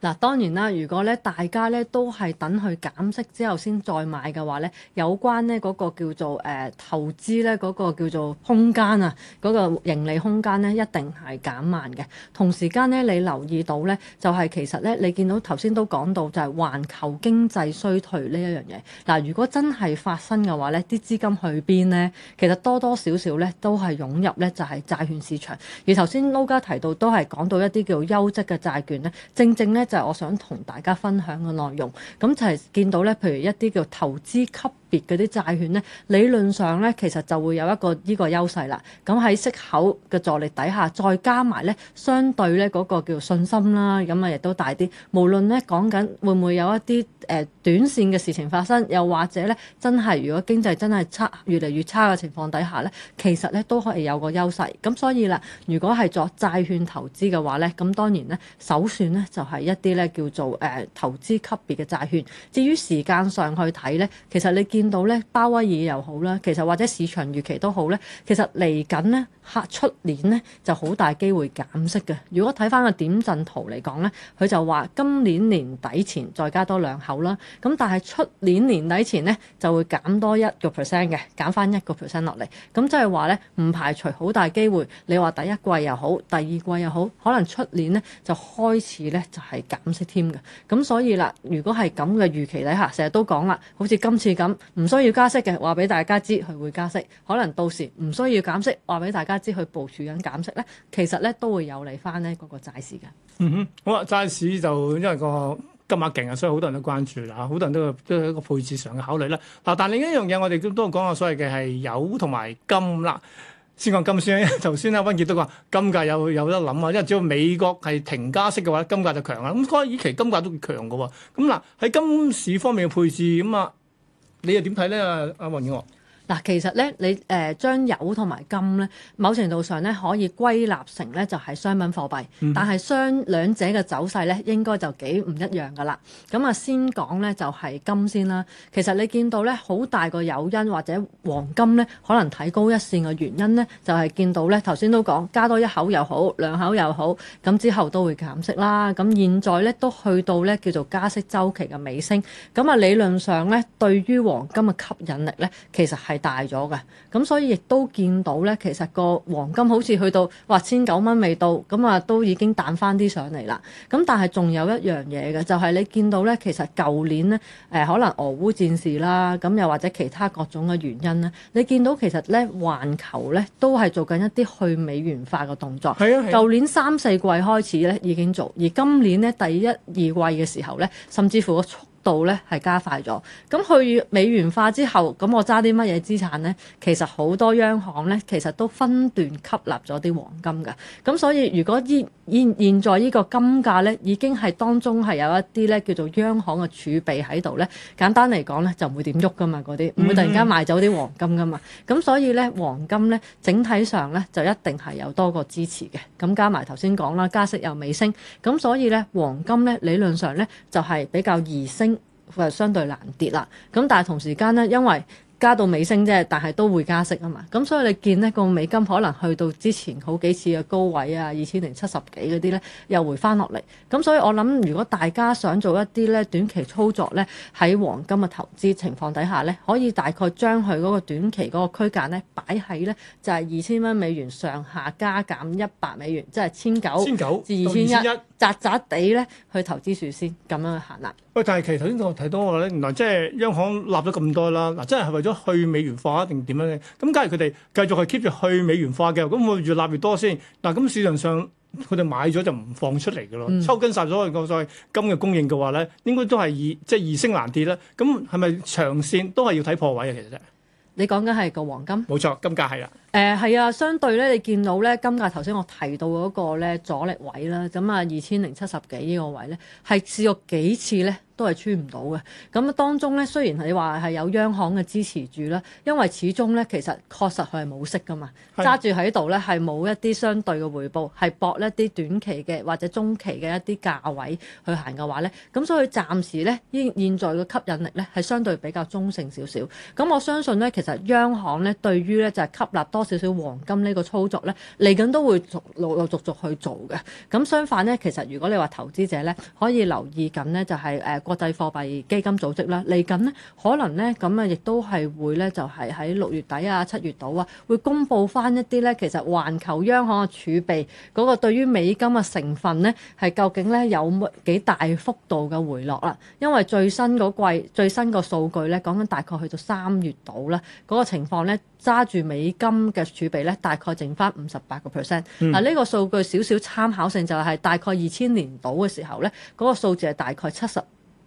嗱，當然啦，如果咧大家咧都係等佢減息之後先再買嘅話咧，有關咧嗰個叫做誒、呃、投資咧嗰個叫做空間啊，嗰、那個盈利空間咧一定係減慢嘅。同時間咧，你留意到咧，就係、是、其實咧，你見到頭先都講到就係環球經濟衰退呢一樣嘢。嗱、啊，如果真係發生嘅話咧，啲資金去邊咧？其實多多少少咧都係湧入咧，就係債券市場。而頭先撈家提到都係講到一啲叫做優質嘅債券咧，正正咧。就係我想同大家分享嘅內容，咁就係見到咧，譬如一啲叫投資級。嗰啲債券咧，理論上咧，其實就會有一個呢個優勢啦。咁喺息口嘅助力底下，再加埋咧，相對咧嗰個叫信心啦，咁啊亦都大啲。無論咧講緊會唔會有一啲誒短線嘅事情發生，又或者咧真係如果經濟真係差越嚟越差嘅情況底下咧，其實咧都可以有個優勢。咁所以啦，如果係作債券投資嘅話咧，咁當然咧首選咧就係一啲咧叫做誒投資級別嘅債券。至於時間上去睇咧，其實你見。見到咧，鮑威爾又好啦，其實或者市場預期都好咧。其實嚟緊咧，嚇出年咧就好大機會減息嘅。如果睇翻個點陣圖嚟講咧，佢就話今年年底前再加多兩口啦。咁但係出年年底前咧就會減多一個 percent 嘅，減翻一個 percent 落嚟。咁即係話咧，唔排除好大機會。你話第一季又好，第二季又好，可能出年咧就開始咧就係減息添嘅。咁所以啦，如果係咁嘅預期底下，成日都講啦，好似今次咁。唔需要加息嘅，話俾大家知佢會加息，可能到時唔需要減息，話俾大家知佢部署緊減息咧。其實咧都會有利翻呢嗰個債市嘅。嗯哼，好啊，債市就因為個金額勁啊，所以好多人都關注啦。好多人都都係一個配置上嘅考慮啦。嗱、啊，但另一樣嘢，我哋都都講下所謂嘅係油同埋金啦。先講金先，頭先阿温傑都話金價有有得諗啊，因為只要美國係停加息嘅話，金價就強啦。咁以期金價都強嘅喎。咁嗱喺金市方面嘅配置咁啊。你又點睇咧？阿阿黃燕娥。嗱，其實咧，你誒、呃、將油同埋金咧，某程度上咧，可以歸納成咧，就係商品貨幣，mm hmm. 但係商兩者嘅走勢咧，應該就幾唔一樣噶啦。咁啊，先講咧就係、是、金先啦。其實你見到咧，好大個誘因或者黃金咧可能睇高一線嘅原因咧，就係、是、見到咧頭先都講加多一口又好，兩口又好，咁之後都會減息啦。咁現在咧都去到咧叫做加息週期嘅尾聲，咁啊理論上咧對於黃金嘅吸引力咧其實係大咗嘅，咁所以亦都見到咧，其實個黃金好似去到話千九蚊未到，咁啊都已經彈翻啲上嚟啦。咁但係仲有一樣嘢嘅，就係、是、你見到咧，其實舊年咧誒、呃，可能俄烏戰事啦，咁又或者其他各種嘅原因咧，你見到其實咧，環球咧都係做緊一啲去美元化嘅動作。係啊、啊啊、舊年三四季開始咧已經做，而今年咧第一二季嘅時候咧，甚至乎度咧係加快咗，咁去美元化之後，咁我揸啲乜嘢資產咧？其實好多央行咧，其實都分段吸納咗啲黃金㗎。咁所以如果依現現在呢個金價咧，已經係當中係有一啲咧叫做央行嘅儲備喺度咧。簡單嚟講咧，就唔會點喐噶嘛，嗰啲唔會突然間賣走啲黃金噶嘛。咁、嗯、所以咧，黃金咧整體上咧就一定係有多個支持嘅。咁加埋頭先講啦，加息又尾升，咁所以咧黃金咧理論上咧就係、是、比較易升。佢係相對難跌啦，咁但係同時間呢，因為加到尾聲啫，但係都會加息啊嘛，咁所以你見呢個美金可能去到之前好幾次嘅高位啊，二千零七十幾嗰啲呢，又回翻落嚟，咁所以我諗如果大家想做一啲呢短期操作呢，喺黃金嘅投資情況底下呢，可以大概將佢嗰個短期嗰個區間呢，擺喺呢，就係二千蚊美元上下加減一百美元，即係千九至二千一。扎扎地咧去投資住先咁樣去行啦。喂，但係其實頭先我睇到話咧，原來即係央行立咗咁多啦，嗱，真係係為咗去美元化定點樣咧？咁假如佢哋繼續係 keep 住去美元化嘅，咁我越立越多先，嗱，咁市場上佢哋買咗就唔放出嚟嘅咯，嗯、抽筋曬咗，咁所以金嘅供應嘅話咧，應該都係二即係二升難跌啦。咁係咪長線都係要睇破位嘅？其實。你講緊係個黃金，冇錯，金價係啦。誒係、呃、啊，相對咧，你見到咧金價頭先我提到嗰個咧阻力位啦，咁啊二千零七十幾呢個位咧，係試過幾次咧？都係穿唔到嘅。咁啊，當中咧，雖然係話係有央行嘅支持住啦，因為始終咧，其實確實佢係冇息噶嘛，揸住喺度咧係冇一啲相對嘅回報，係搏一啲短期嘅或者中期嘅一啲價位去行嘅話咧，咁所以暫時咧現在嘅吸引力咧係相對比較中性少少。咁我相信咧，其實央行咧對於咧就係、是、吸納多少少黃金呢個操作咧，嚟緊都會陸陸續續去做嘅。咁相反咧，其實如果你話投資者咧可以留意緊咧、就是，就係誒。國際貨幣基金組織啦，嚟緊呢，可能呢，咁啊，亦都係會呢，就係喺六月底啊、七月度啊，會公布翻一啲呢。其實環球央行嘅儲備嗰個對於美金嘅成分呢，係究竟呢？有冇幾大幅度嘅回落啦？因為最新嗰季最新個數據呢，講緊大概去到三月度啦，嗰個情況呢，揸住美金嘅儲備呢，大概剩翻五十八個 percent。嗱，呢、嗯啊這個數據少少參考性就係、是、大概二千年度嘅時候呢，嗰個數字係大概七十。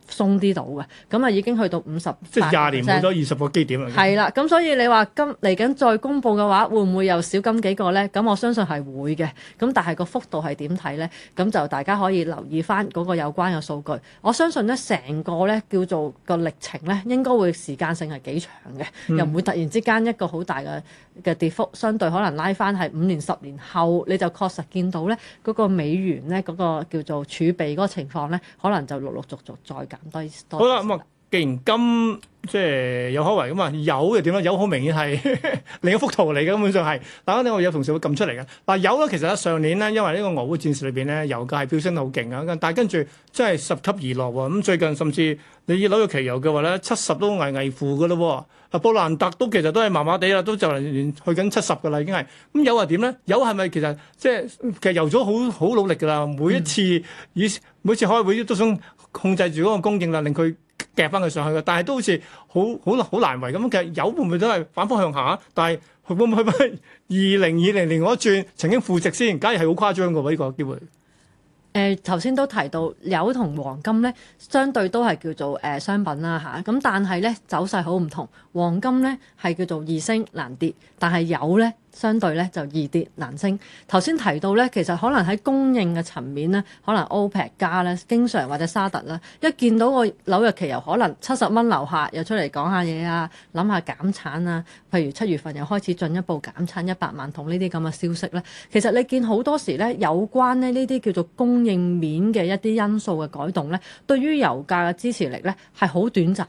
鬆啲到嘅，咁啊已經去到五十，即係廿年冇咗二十個基點啦。係啦，咁所以你話今嚟緊再公布嘅話，會唔會又少金幾個咧？咁我相信係會嘅，咁但係個幅度係點睇咧？咁就大家可以留意翻嗰個有關嘅數據。我相信咧，成個咧叫做個歷程咧，應該會時間性係幾長嘅，又唔會突然之間一個好大嘅嘅跌幅，相對可能拉翻係五年十年後你就確實見到咧嗰個美元咧嗰個叫做儲備嗰個情況咧，可能就陸陸續續再好啦了，咁啊、嗯，既然金即係有可為咁啊，油又點咧？油好明顯係 另一幅圖嚟嘅，根本上係。嗱，我有同事會撳出嚟嘅。嗱，油咧其實喺上年咧，因為呢個俄烏戰事裏邊咧，油價係飆升得好勁啊！但係跟住真係十級而落喎。咁最近甚至你攞咗期油嘅話咧，七十都危危乎嘅咯喎。啊，布蘭特都其實都係麻麻地啦，都就嚟去緊七十嘅啦，已經係。咁油係點咧？油係咪其實即係其實油咗好好努力嘅啦。每一次、嗯、以每次開會都想。控制住嗰個供應量，令佢夾翻佢上去嘅，但係都好似好好好難為咁。其實油會唔會都係反方向下？但係會唔會二零二零年嗰一轉曾經負值先？假如係好誇張嘅喎，呢、這個機會。誒頭先都提到油同黃金咧，相對都係叫做誒、呃、商品啦、啊、吓，咁但係咧走勢好唔同，黃金咧係叫做易升難跌，但係油咧。相對咧就易跌難升。頭先提到咧，其實可能喺供應嘅層面咧，可能 OPEC 加咧，經常或者沙特啦，一見到個紐約期油可能七十蚊樓下，又出嚟講下嘢啊，諗下減產啊，譬如七月份又開始進一步減產一百萬桶呢啲咁嘅消息咧，其實你見好多時咧有關咧呢啲叫做供應面嘅一啲因素嘅改動咧，對於油價嘅支持力咧係好短暫嘅。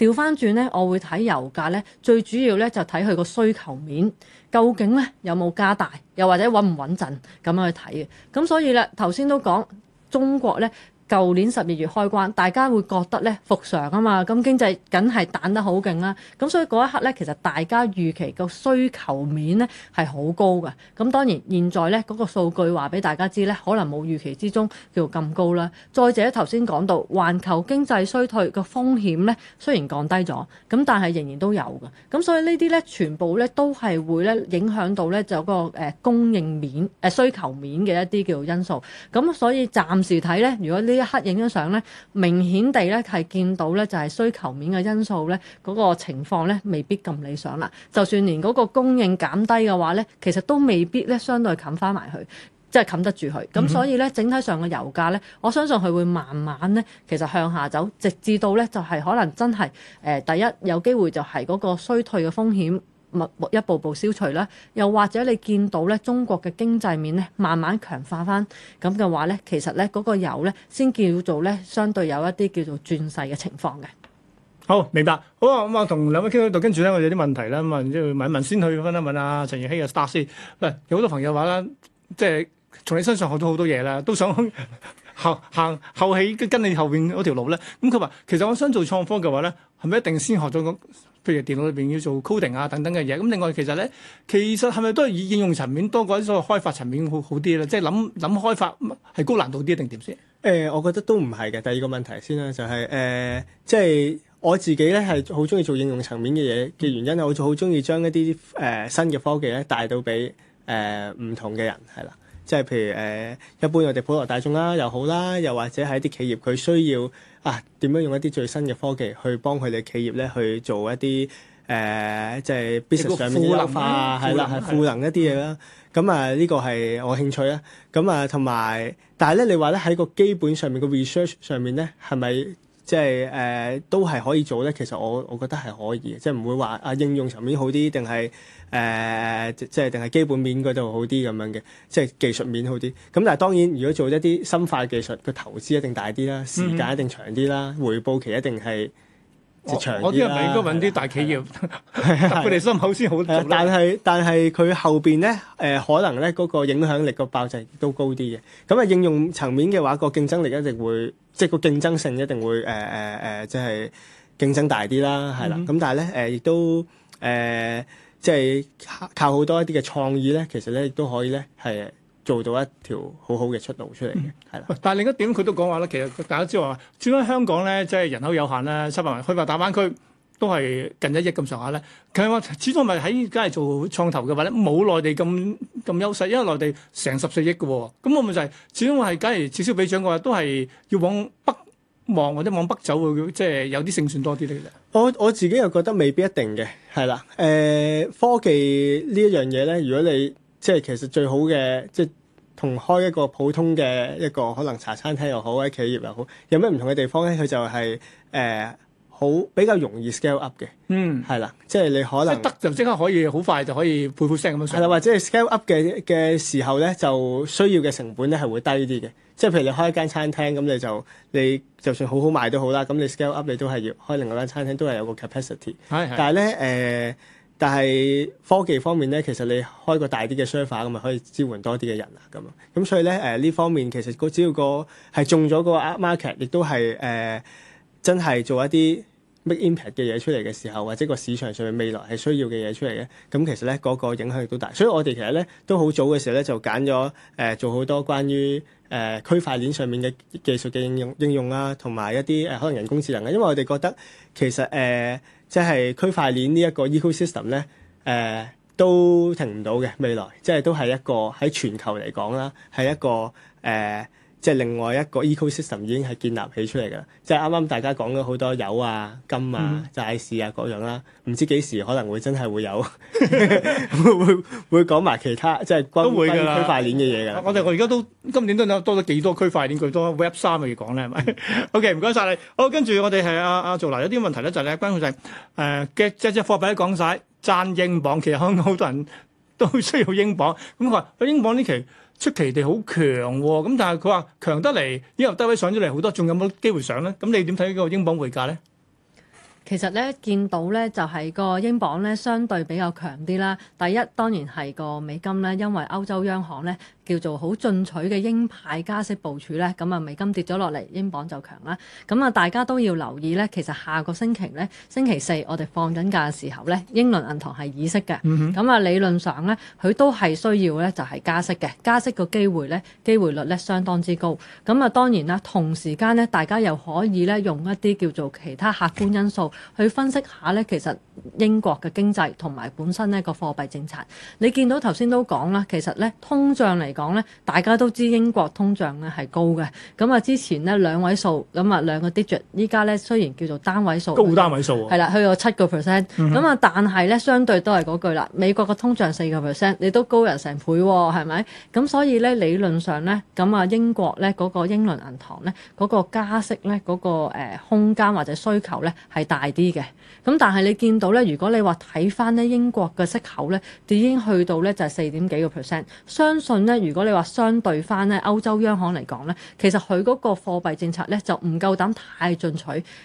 調翻轉呢，我會睇油價呢，最主要呢，就睇佢個需求面，究竟呢有冇加大，又或者穩唔穩陣咁樣去睇嘅。咁所以呢，頭先都講中國呢。舊年十二月開關，大家會覺得呢復常啊嘛，咁經濟緊係彈得好勁啦。咁所以嗰一刻呢，其實大家預期個需求面呢係好高嘅。咁當然現在呢，嗰、嗰個數據話俾大家知呢，可能冇預期之中叫做咁高啦。再者頭先講到環球經濟衰退嘅風險呢，雖然降低咗，咁但係仍然都有嘅。咁所以呢啲呢，全部呢都係會呢影響到呢，就嗰個、呃、供應面誒、呃、需求面嘅一啲叫做因素。咁所以暫時睇呢，如果呢，即刻影咗相咧，明顯地咧係見到咧就係需求面嘅因素咧嗰個情況咧未必咁理想啦。就算連嗰個供應減低嘅話咧，其實都未必咧相對冚翻埋去，即係冚得住佢。咁所以咧整體上嘅油價咧，我相信佢會慢慢咧其實向下走，直至到咧就係可能真係誒、呃、第一有機會就係嗰個衰退嘅風險。一步步消除啦，又或者你見到咧中國嘅經濟面咧慢慢強化翻，咁嘅話咧，其實咧嗰個油咧先叫做咧相對有一啲叫做轉勢嘅情況嘅。好明白，好啊，咁我同兩位傾到度，跟住咧我哋有啲問題啦，咁啊然之後問一問,問先去分一問啊陳易希啊 Star 先，喂，有好多朋友話啦，即係從你身上學咗好多嘢啦，都想行行後起跟你後邊嗰條路咧。咁佢話其實我想做創科嘅話咧，係咪一定先學咗個？譬如電腦裏邊要做 coding 啊等等嘅嘢，咁、嗯、另外其實咧，其實係咪都係以應用層面多過所謂開發層面好好啲咧？即係諗諗開發係高難度啲定點先？誒、欸，我覺得都唔係嘅。第二個問題先啦，就係、是、誒，即、呃、係、就是、我自己咧係好中意做應用層面嘅嘢嘅原因係我好中意將一啲誒、呃、新嘅科技咧帶到俾誒唔同嘅人係啦，即係譬如誒、呃、一般我哋普羅大眾啦又好啦，又或者係一啲企業佢需要。啊！點樣用一啲最新嘅科技去幫佢哋企業咧去做一啲誒，即係 business 上面啲嘢啊，係啦，係賦能一啲嘢啦。咁啊，呢個係我興趣啊。咁啊，同埋，但係咧，你話咧喺個基本上面個 research 上面咧，係咪？即係誒、呃、都係可以做咧，其實我我覺得係可以嘅，即係唔會話啊應用層面好啲，定係誒即係定係基本面嗰度好啲咁樣嘅，即係技術面好啲。咁但係當然，如果做一啲深化技術嘅投資一定大啲啦，時間一定長啲啦，嗯、回報期一定係。我我知唔係應該揾啲大企業，佢哋的 心口先好。但係但係佢後邊咧，誒、呃、可能咧嗰、那個影響力個爆炸都高啲嘅。咁、嗯、啊應用層面嘅話，個競爭力一定會，即係個競爭性一定會誒誒誒，即、呃、係、呃就是、競爭大啲啦，係啦。咁、嗯、但係咧，誒、呃、亦都誒，即、呃、係、就是、靠好多一啲嘅創意咧，其實咧亦都可以咧係。做到一條好好嘅出路出嚟嘅，係啦，嗯。的但係另一點，佢都講話咧，其實大家知道話，始終香港咧，即係人口有限啦，七百萬，開發大灣區都係近一億咁上下咧。佢係話始終咪喺，梗係做創投嘅話咧，冇內地咁咁優勢，因為內地成十四億嘅喎，哦。咁我咪就係、是，始終我係梗係少少俾獎嘅話，都係要往北望或者往北走嘅，即係有啲勝算多啲嘅。我我自己又覺得未必一定嘅，係啦。誒、呃，科技呢一樣嘢咧，如果你即係其實最好嘅，即係同開一個普通嘅一個可能茶餐廳又好，或者企業又好，有咩唔同嘅地方咧？佢就係、是、誒、呃、好比較容易 scale up 嘅，嗯，係啦，即係你可能得就即刻可以好快就可以配配聲咁樣。係啦，或者係 scale up 嘅嘅時候咧，就需要嘅成本咧係會低啲嘅。即係譬如你開一間餐廳咁，你就你就算好好賣都好啦，咁你 scale up 你都係要開另外一間餐廳，都係有個 capacity 的。係但係咧誒。呃但係科技方面咧，其實你開個大啲嘅 server 咁，咪可以支援多啲嘅人啊，咁咁所以咧，誒、呃、呢方面其實只要個係中咗個 up market，亦都係誒、呃、真係做一啲 make impact 嘅嘢出嚟嘅時候，或者個市場上面未來係需要嘅嘢出嚟嘅。咁、嗯、其實咧嗰、那個影響亦都大。所以我哋其實咧都好早嘅時候咧就揀咗誒做好多關於誒區塊鏈上面嘅技術嘅應用應用啦、啊，同埋一啲誒、呃、可能人工智能啊，因為我哋覺得其實誒。呃即係區塊鏈呢一個 ecosystem 咧、呃，誒都停唔到嘅未來，即係都係一個喺全球嚟講啦，係一個誒。呃即係另外一個 ecosystem 已經係建立起出嚟㗎，即係啱啱大家講咗好多油啊、金啊、債市啊各樣啦，唔知幾時可能會真係會有 會會講埋其他即係關關於區塊鏈嘅嘢㗎。我哋我而家都今年都多咗幾多區塊鏈，最多 Web 三嘅嘢講咧係咪？OK，唔該晒你。好，跟住我哋係阿阿做嗱，有啲問題咧就係、是、咧，關浩仔誒嘅即係貨幣講晒，爭英鎊，其實香港好多人都需要英鎊，咁佢話英鎊呢期。出奇地好強喎、哦，咁但係佢話強得嚟，由低位上咗嚟好多，仲有冇機會上呢？咁你點睇呢個英鎊匯價呢？其實咧，見到咧就係、是、個英鎊咧相對比較強啲啦。第一當然係個美金咧，因為歐洲央行咧。叫做好進取嘅鷹派加息部署呢，咁啊美金跌咗落嚟，英鎊就強啦。咁啊大家都要留意呢。其實下個星期呢，星期四我哋放緊假嘅時候呢，英倫銀行係議息嘅，咁啊、嗯、哼理論上呢，佢都係需要呢，就係加息嘅，加息個機會呢，機會率呢相當之高。咁啊當然啦，同時間呢，大家又可以呢，用一啲叫做其他客觀因素去分析下呢。其實英國嘅經濟同埋本身呢個貨幣政策，你見到頭先都講啦，其實呢，通脹嚟講。講咧，大家都知英國通脹咧係高嘅。咁啊，之前咧兩位數，咁啊兩個 digit。依家咧雖然叫做單位數，高單位數啊，係啦，去到七個 percent。咁啊、嗯哼，但係咧，相對都係嗰句啦。美國嘅通脹四個 percent，你都高人成倍，係咪？咁所以咧，理論上咧，咁啊英國咧嗰個英倫銀行咧嗰個加息咧嗰個誒空間或者需求咧係大啲嘅。咁但係你見到咧，如果你話睇翻咧英國嘅息口咧，已經去到咧就係四點幾個 percent。相信咧。如果你話相對翻咧，歐洲央行嚟講咧，其實佢嗰個貨幣政策咧就唔夠膽太進取，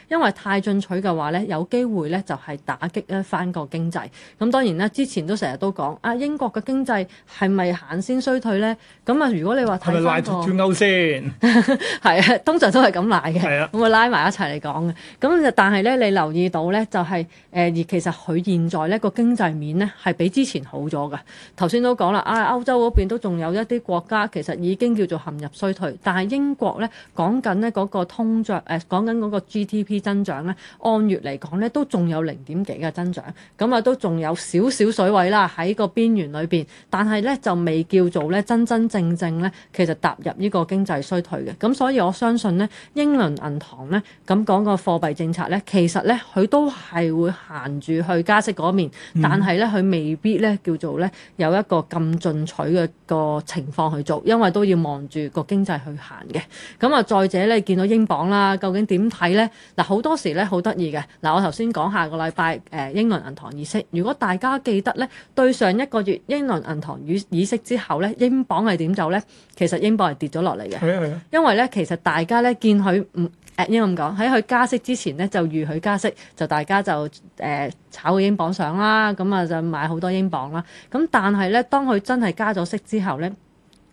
因為太進取嘅話咧，有機會咧就係打擊咧翻個經濟。咁當然啦，之前都成日都講啊，英國嘅經濟係咪行先衰退咧？咁啊，如果你話係咪拉脱歐先？係啊，通常都係咁的拉嘅，咁啊拉埋一齊嚟講嘅。咁但係咧，你留意到咧、就係，就係誒，而其實佢現在咧個經濟面咧係比之前好咗嘅。頭先都講啦，啊，歐洲嗰邊都仲有一。啲國家其實已經叫做陷入衰退，但係英國咧講緊咧嗰個通脹，誒講緊嗰個 GDP 增長咧，按月嚟講咧都仲有零點幾嘅增長，咁、嗯、啊都仲有少少水位啦喺個邊緣裏邊，但係咧就未叫做咧真真正正咧其實踏入呢個經濟衰退嘅，咁所以我相信咧英倫銀行咧咁講個貨幣政策咧，其實咧佢都係會行住去加息嗰面，但係咧佢未必咧叫做咧有一個咁進取嘅個。情況去做，因為都要望住個經濟去行嘅。咁啊，再者咧，見到英鎊啦，究竟點睇呢？嗱，好多時呢，好得意嘅。嗱，我頭先講下個禮拜誒、呃、英倫銀行議息，如果大家記得呢，對上一個月英倫銀行與議息之後呢，英鎊係點走呢？其實英鎊係跌咗落嚟嘅。係啊，係啊。因為呢，其實大家呢見佢唔誒，應該咁講，喺佢加息之前呢，就預佢加息，就大家就誒、呃、炒個英鎊上啦，咁啊就買好多英鎊啦。咁但係呢，當佢真係加咗息之後呢。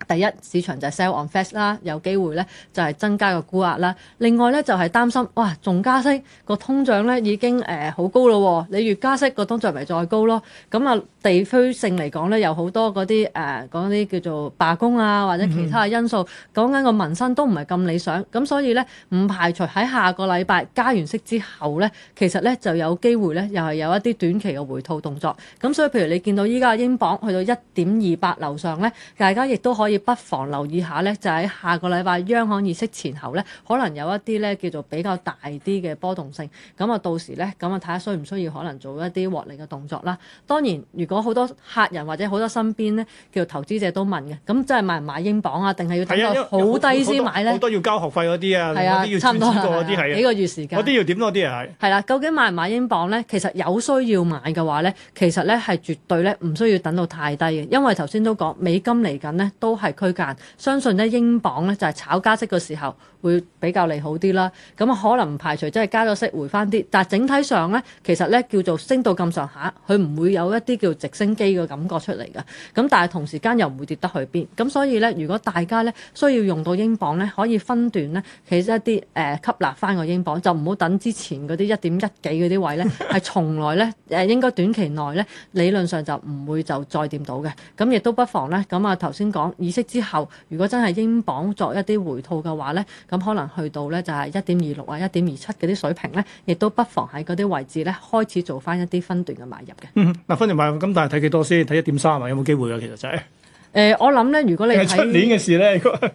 第一市場就 sell on fast 啦，有機會咧就係、是、增加個沽壓啦。另外咧就係、是、擔心，哇，仲加息個通脹咧已經誒好、呃、高咯。你越加息個通脹咪再高咯。咁啊，地區性嚟講咧，有好多嗰啲誒講啲叫做罷工啊，或者其他嘅因素，嗯、講緊個民生都唔係咁理想。咁所以咧唔排除喺下個禮拜加完息之後咧，其實咧就有機會咧又係有一啲短期嘅回吐動作。咁所以譬如你見到依家英鎊去到一點二八樓上咧，大家亦都可以。所以不妨留意下咧，就喺、是、下個禮拜央行議息前後咧，可能有一啲咧叫做比較大啲嘅波動性。咁啊，到時咧，咁啊睇下需唔需要可能做一啲獲利嘅動作啦。當然，如果好多客人或者好多身邊咧叫做投資者都問嘅，咁即係買唔買英鎊啊？定係要睇到好低先買咧？好、啊、多，多要交學費嗰啲啊，嗰啲差唔多啲係啊，啊幾個月時間嗰啲要點多啲啊？係係啦，究竟買唔買英鎊咧？其實有需要買嘅話咧，其實咧係絕對咧唔需要等到太低嘅，因為頭先都講美金嚟緊咧都。係區間，相信咧英鎊咧就係炒加息嘅時候會比較利好啲啦。咁啊，可能唔排除即係、就是、加咗息回翻啲，但係整體上咧其實咧叫做升到咁上下，佢唔會有一啲叫直升機嘅感覺出嚟㗎。咁但係同時間又唔會跌得去邊。咁所以咧，如果大家咧需要用到英鎊咧，可以分段咧，其實一啲誒吸納翻個英鎊，就唔好等之前嗰啲一點一幾嗰啲位咧係， 從來咧誒應該短期內咧理論上就唔會就再掂到嘅。咁亦都不妨咧，咁啊頭先講息之後，如果真係英鎊作一啲回吐嘅話咧，咁可能去到咧就係一點二六啊、一點二七嗰啲水平咧，亦都不妨喺嗰啲位置咧開始做翻一啲分段嘅買入嘅。嗯，嗱、啊，分段買入咁，但係睇幾多先？睇一點三啊，有冇機會啊？其實就係、是，誒、呃，我諗咧，如果你係七年出年嘅事咧。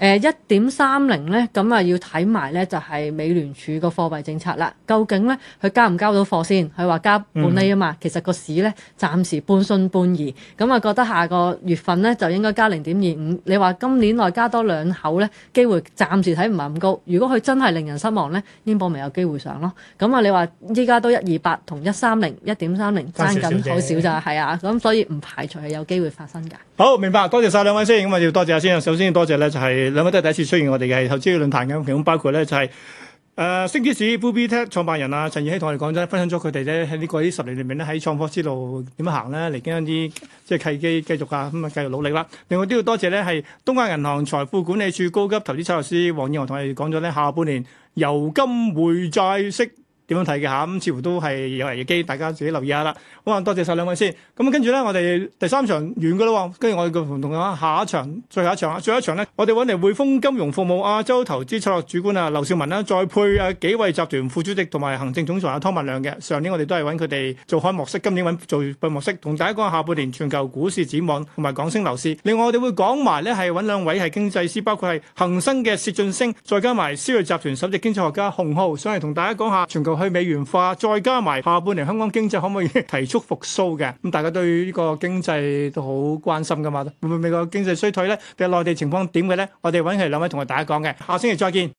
誒一點三零咧，咁啊、欸、要睇埋咧就係、是、美聯儲個貨幣政策啦。究竟咧佢交唔交到貨先？佢話加半厘啊嘛，其實個市咧暫時半信半疑。咁啊覺得下個月份咧就應該加零點二五。你話今年內加多兩口咧，機會暫時睇唔係咁高。如果佢真係令人失望咧，英鎊咪有機會上咯。咁、嗯、啊你話依家都一二八同一三零一點三零爭緊好少咋係啊？咁所以唔排除係有機會發生㗎。好明白，多謝晒兩位先咁啊！要多謝先首先要多謝咧就係、是。兩位都係第一次出現我哋嘅投資嘅論壇，咁，其中包括咧就係、是、誒、呃、星之市 Bubi Tech 創辦人啊陳易希同我哋講咗，分享咗佢哋咧喺呢個呢十年裏面咧喺創科之路點樣行咧嚟緊一啲即係契機繼續啊咁啊繼續努力啦。另外都要多謝咧係東亞銀行財富管理處高級投資策略師黃燕娥同我哋講咗咧下半年油金匯債息，點樣睇嘅嚇咁似乎都係有危機，大家自己留意下啦。好啊，多謝晒兩位先。咁跟住咧，我哋第三場完噶啦，跟住我哋盤同啊下一場，最後一場啊，最後一場咧，我哋揾嚟匯豐金融服務亞洲、啊、投資策略主管啊劉少文啦、啊，再配啊幾位集團副主席同埋行政總裁啊湯文亮嘅。上年我哋都係揾佢哋做開幕式，今年揾做閉幕式，同大家講下半年全球股市展望同埋港星樓市。另外我哋會講埋咧係揾兩位係經濟師，包括係恒生嘅薛俊升，再加埋思睿集團首席經濟學家洪浩，上嚟同大家講下全球。去美元化，再加埋下半年香港經濟可唔可以 提速復蘇嘅？咁大家對呢個經濟都好關心噶嘛？會唔會美國經濟衰退咧，定係內地情況點嘅咧？我哋揾佢兩位同學大家講嘅，下星期再見。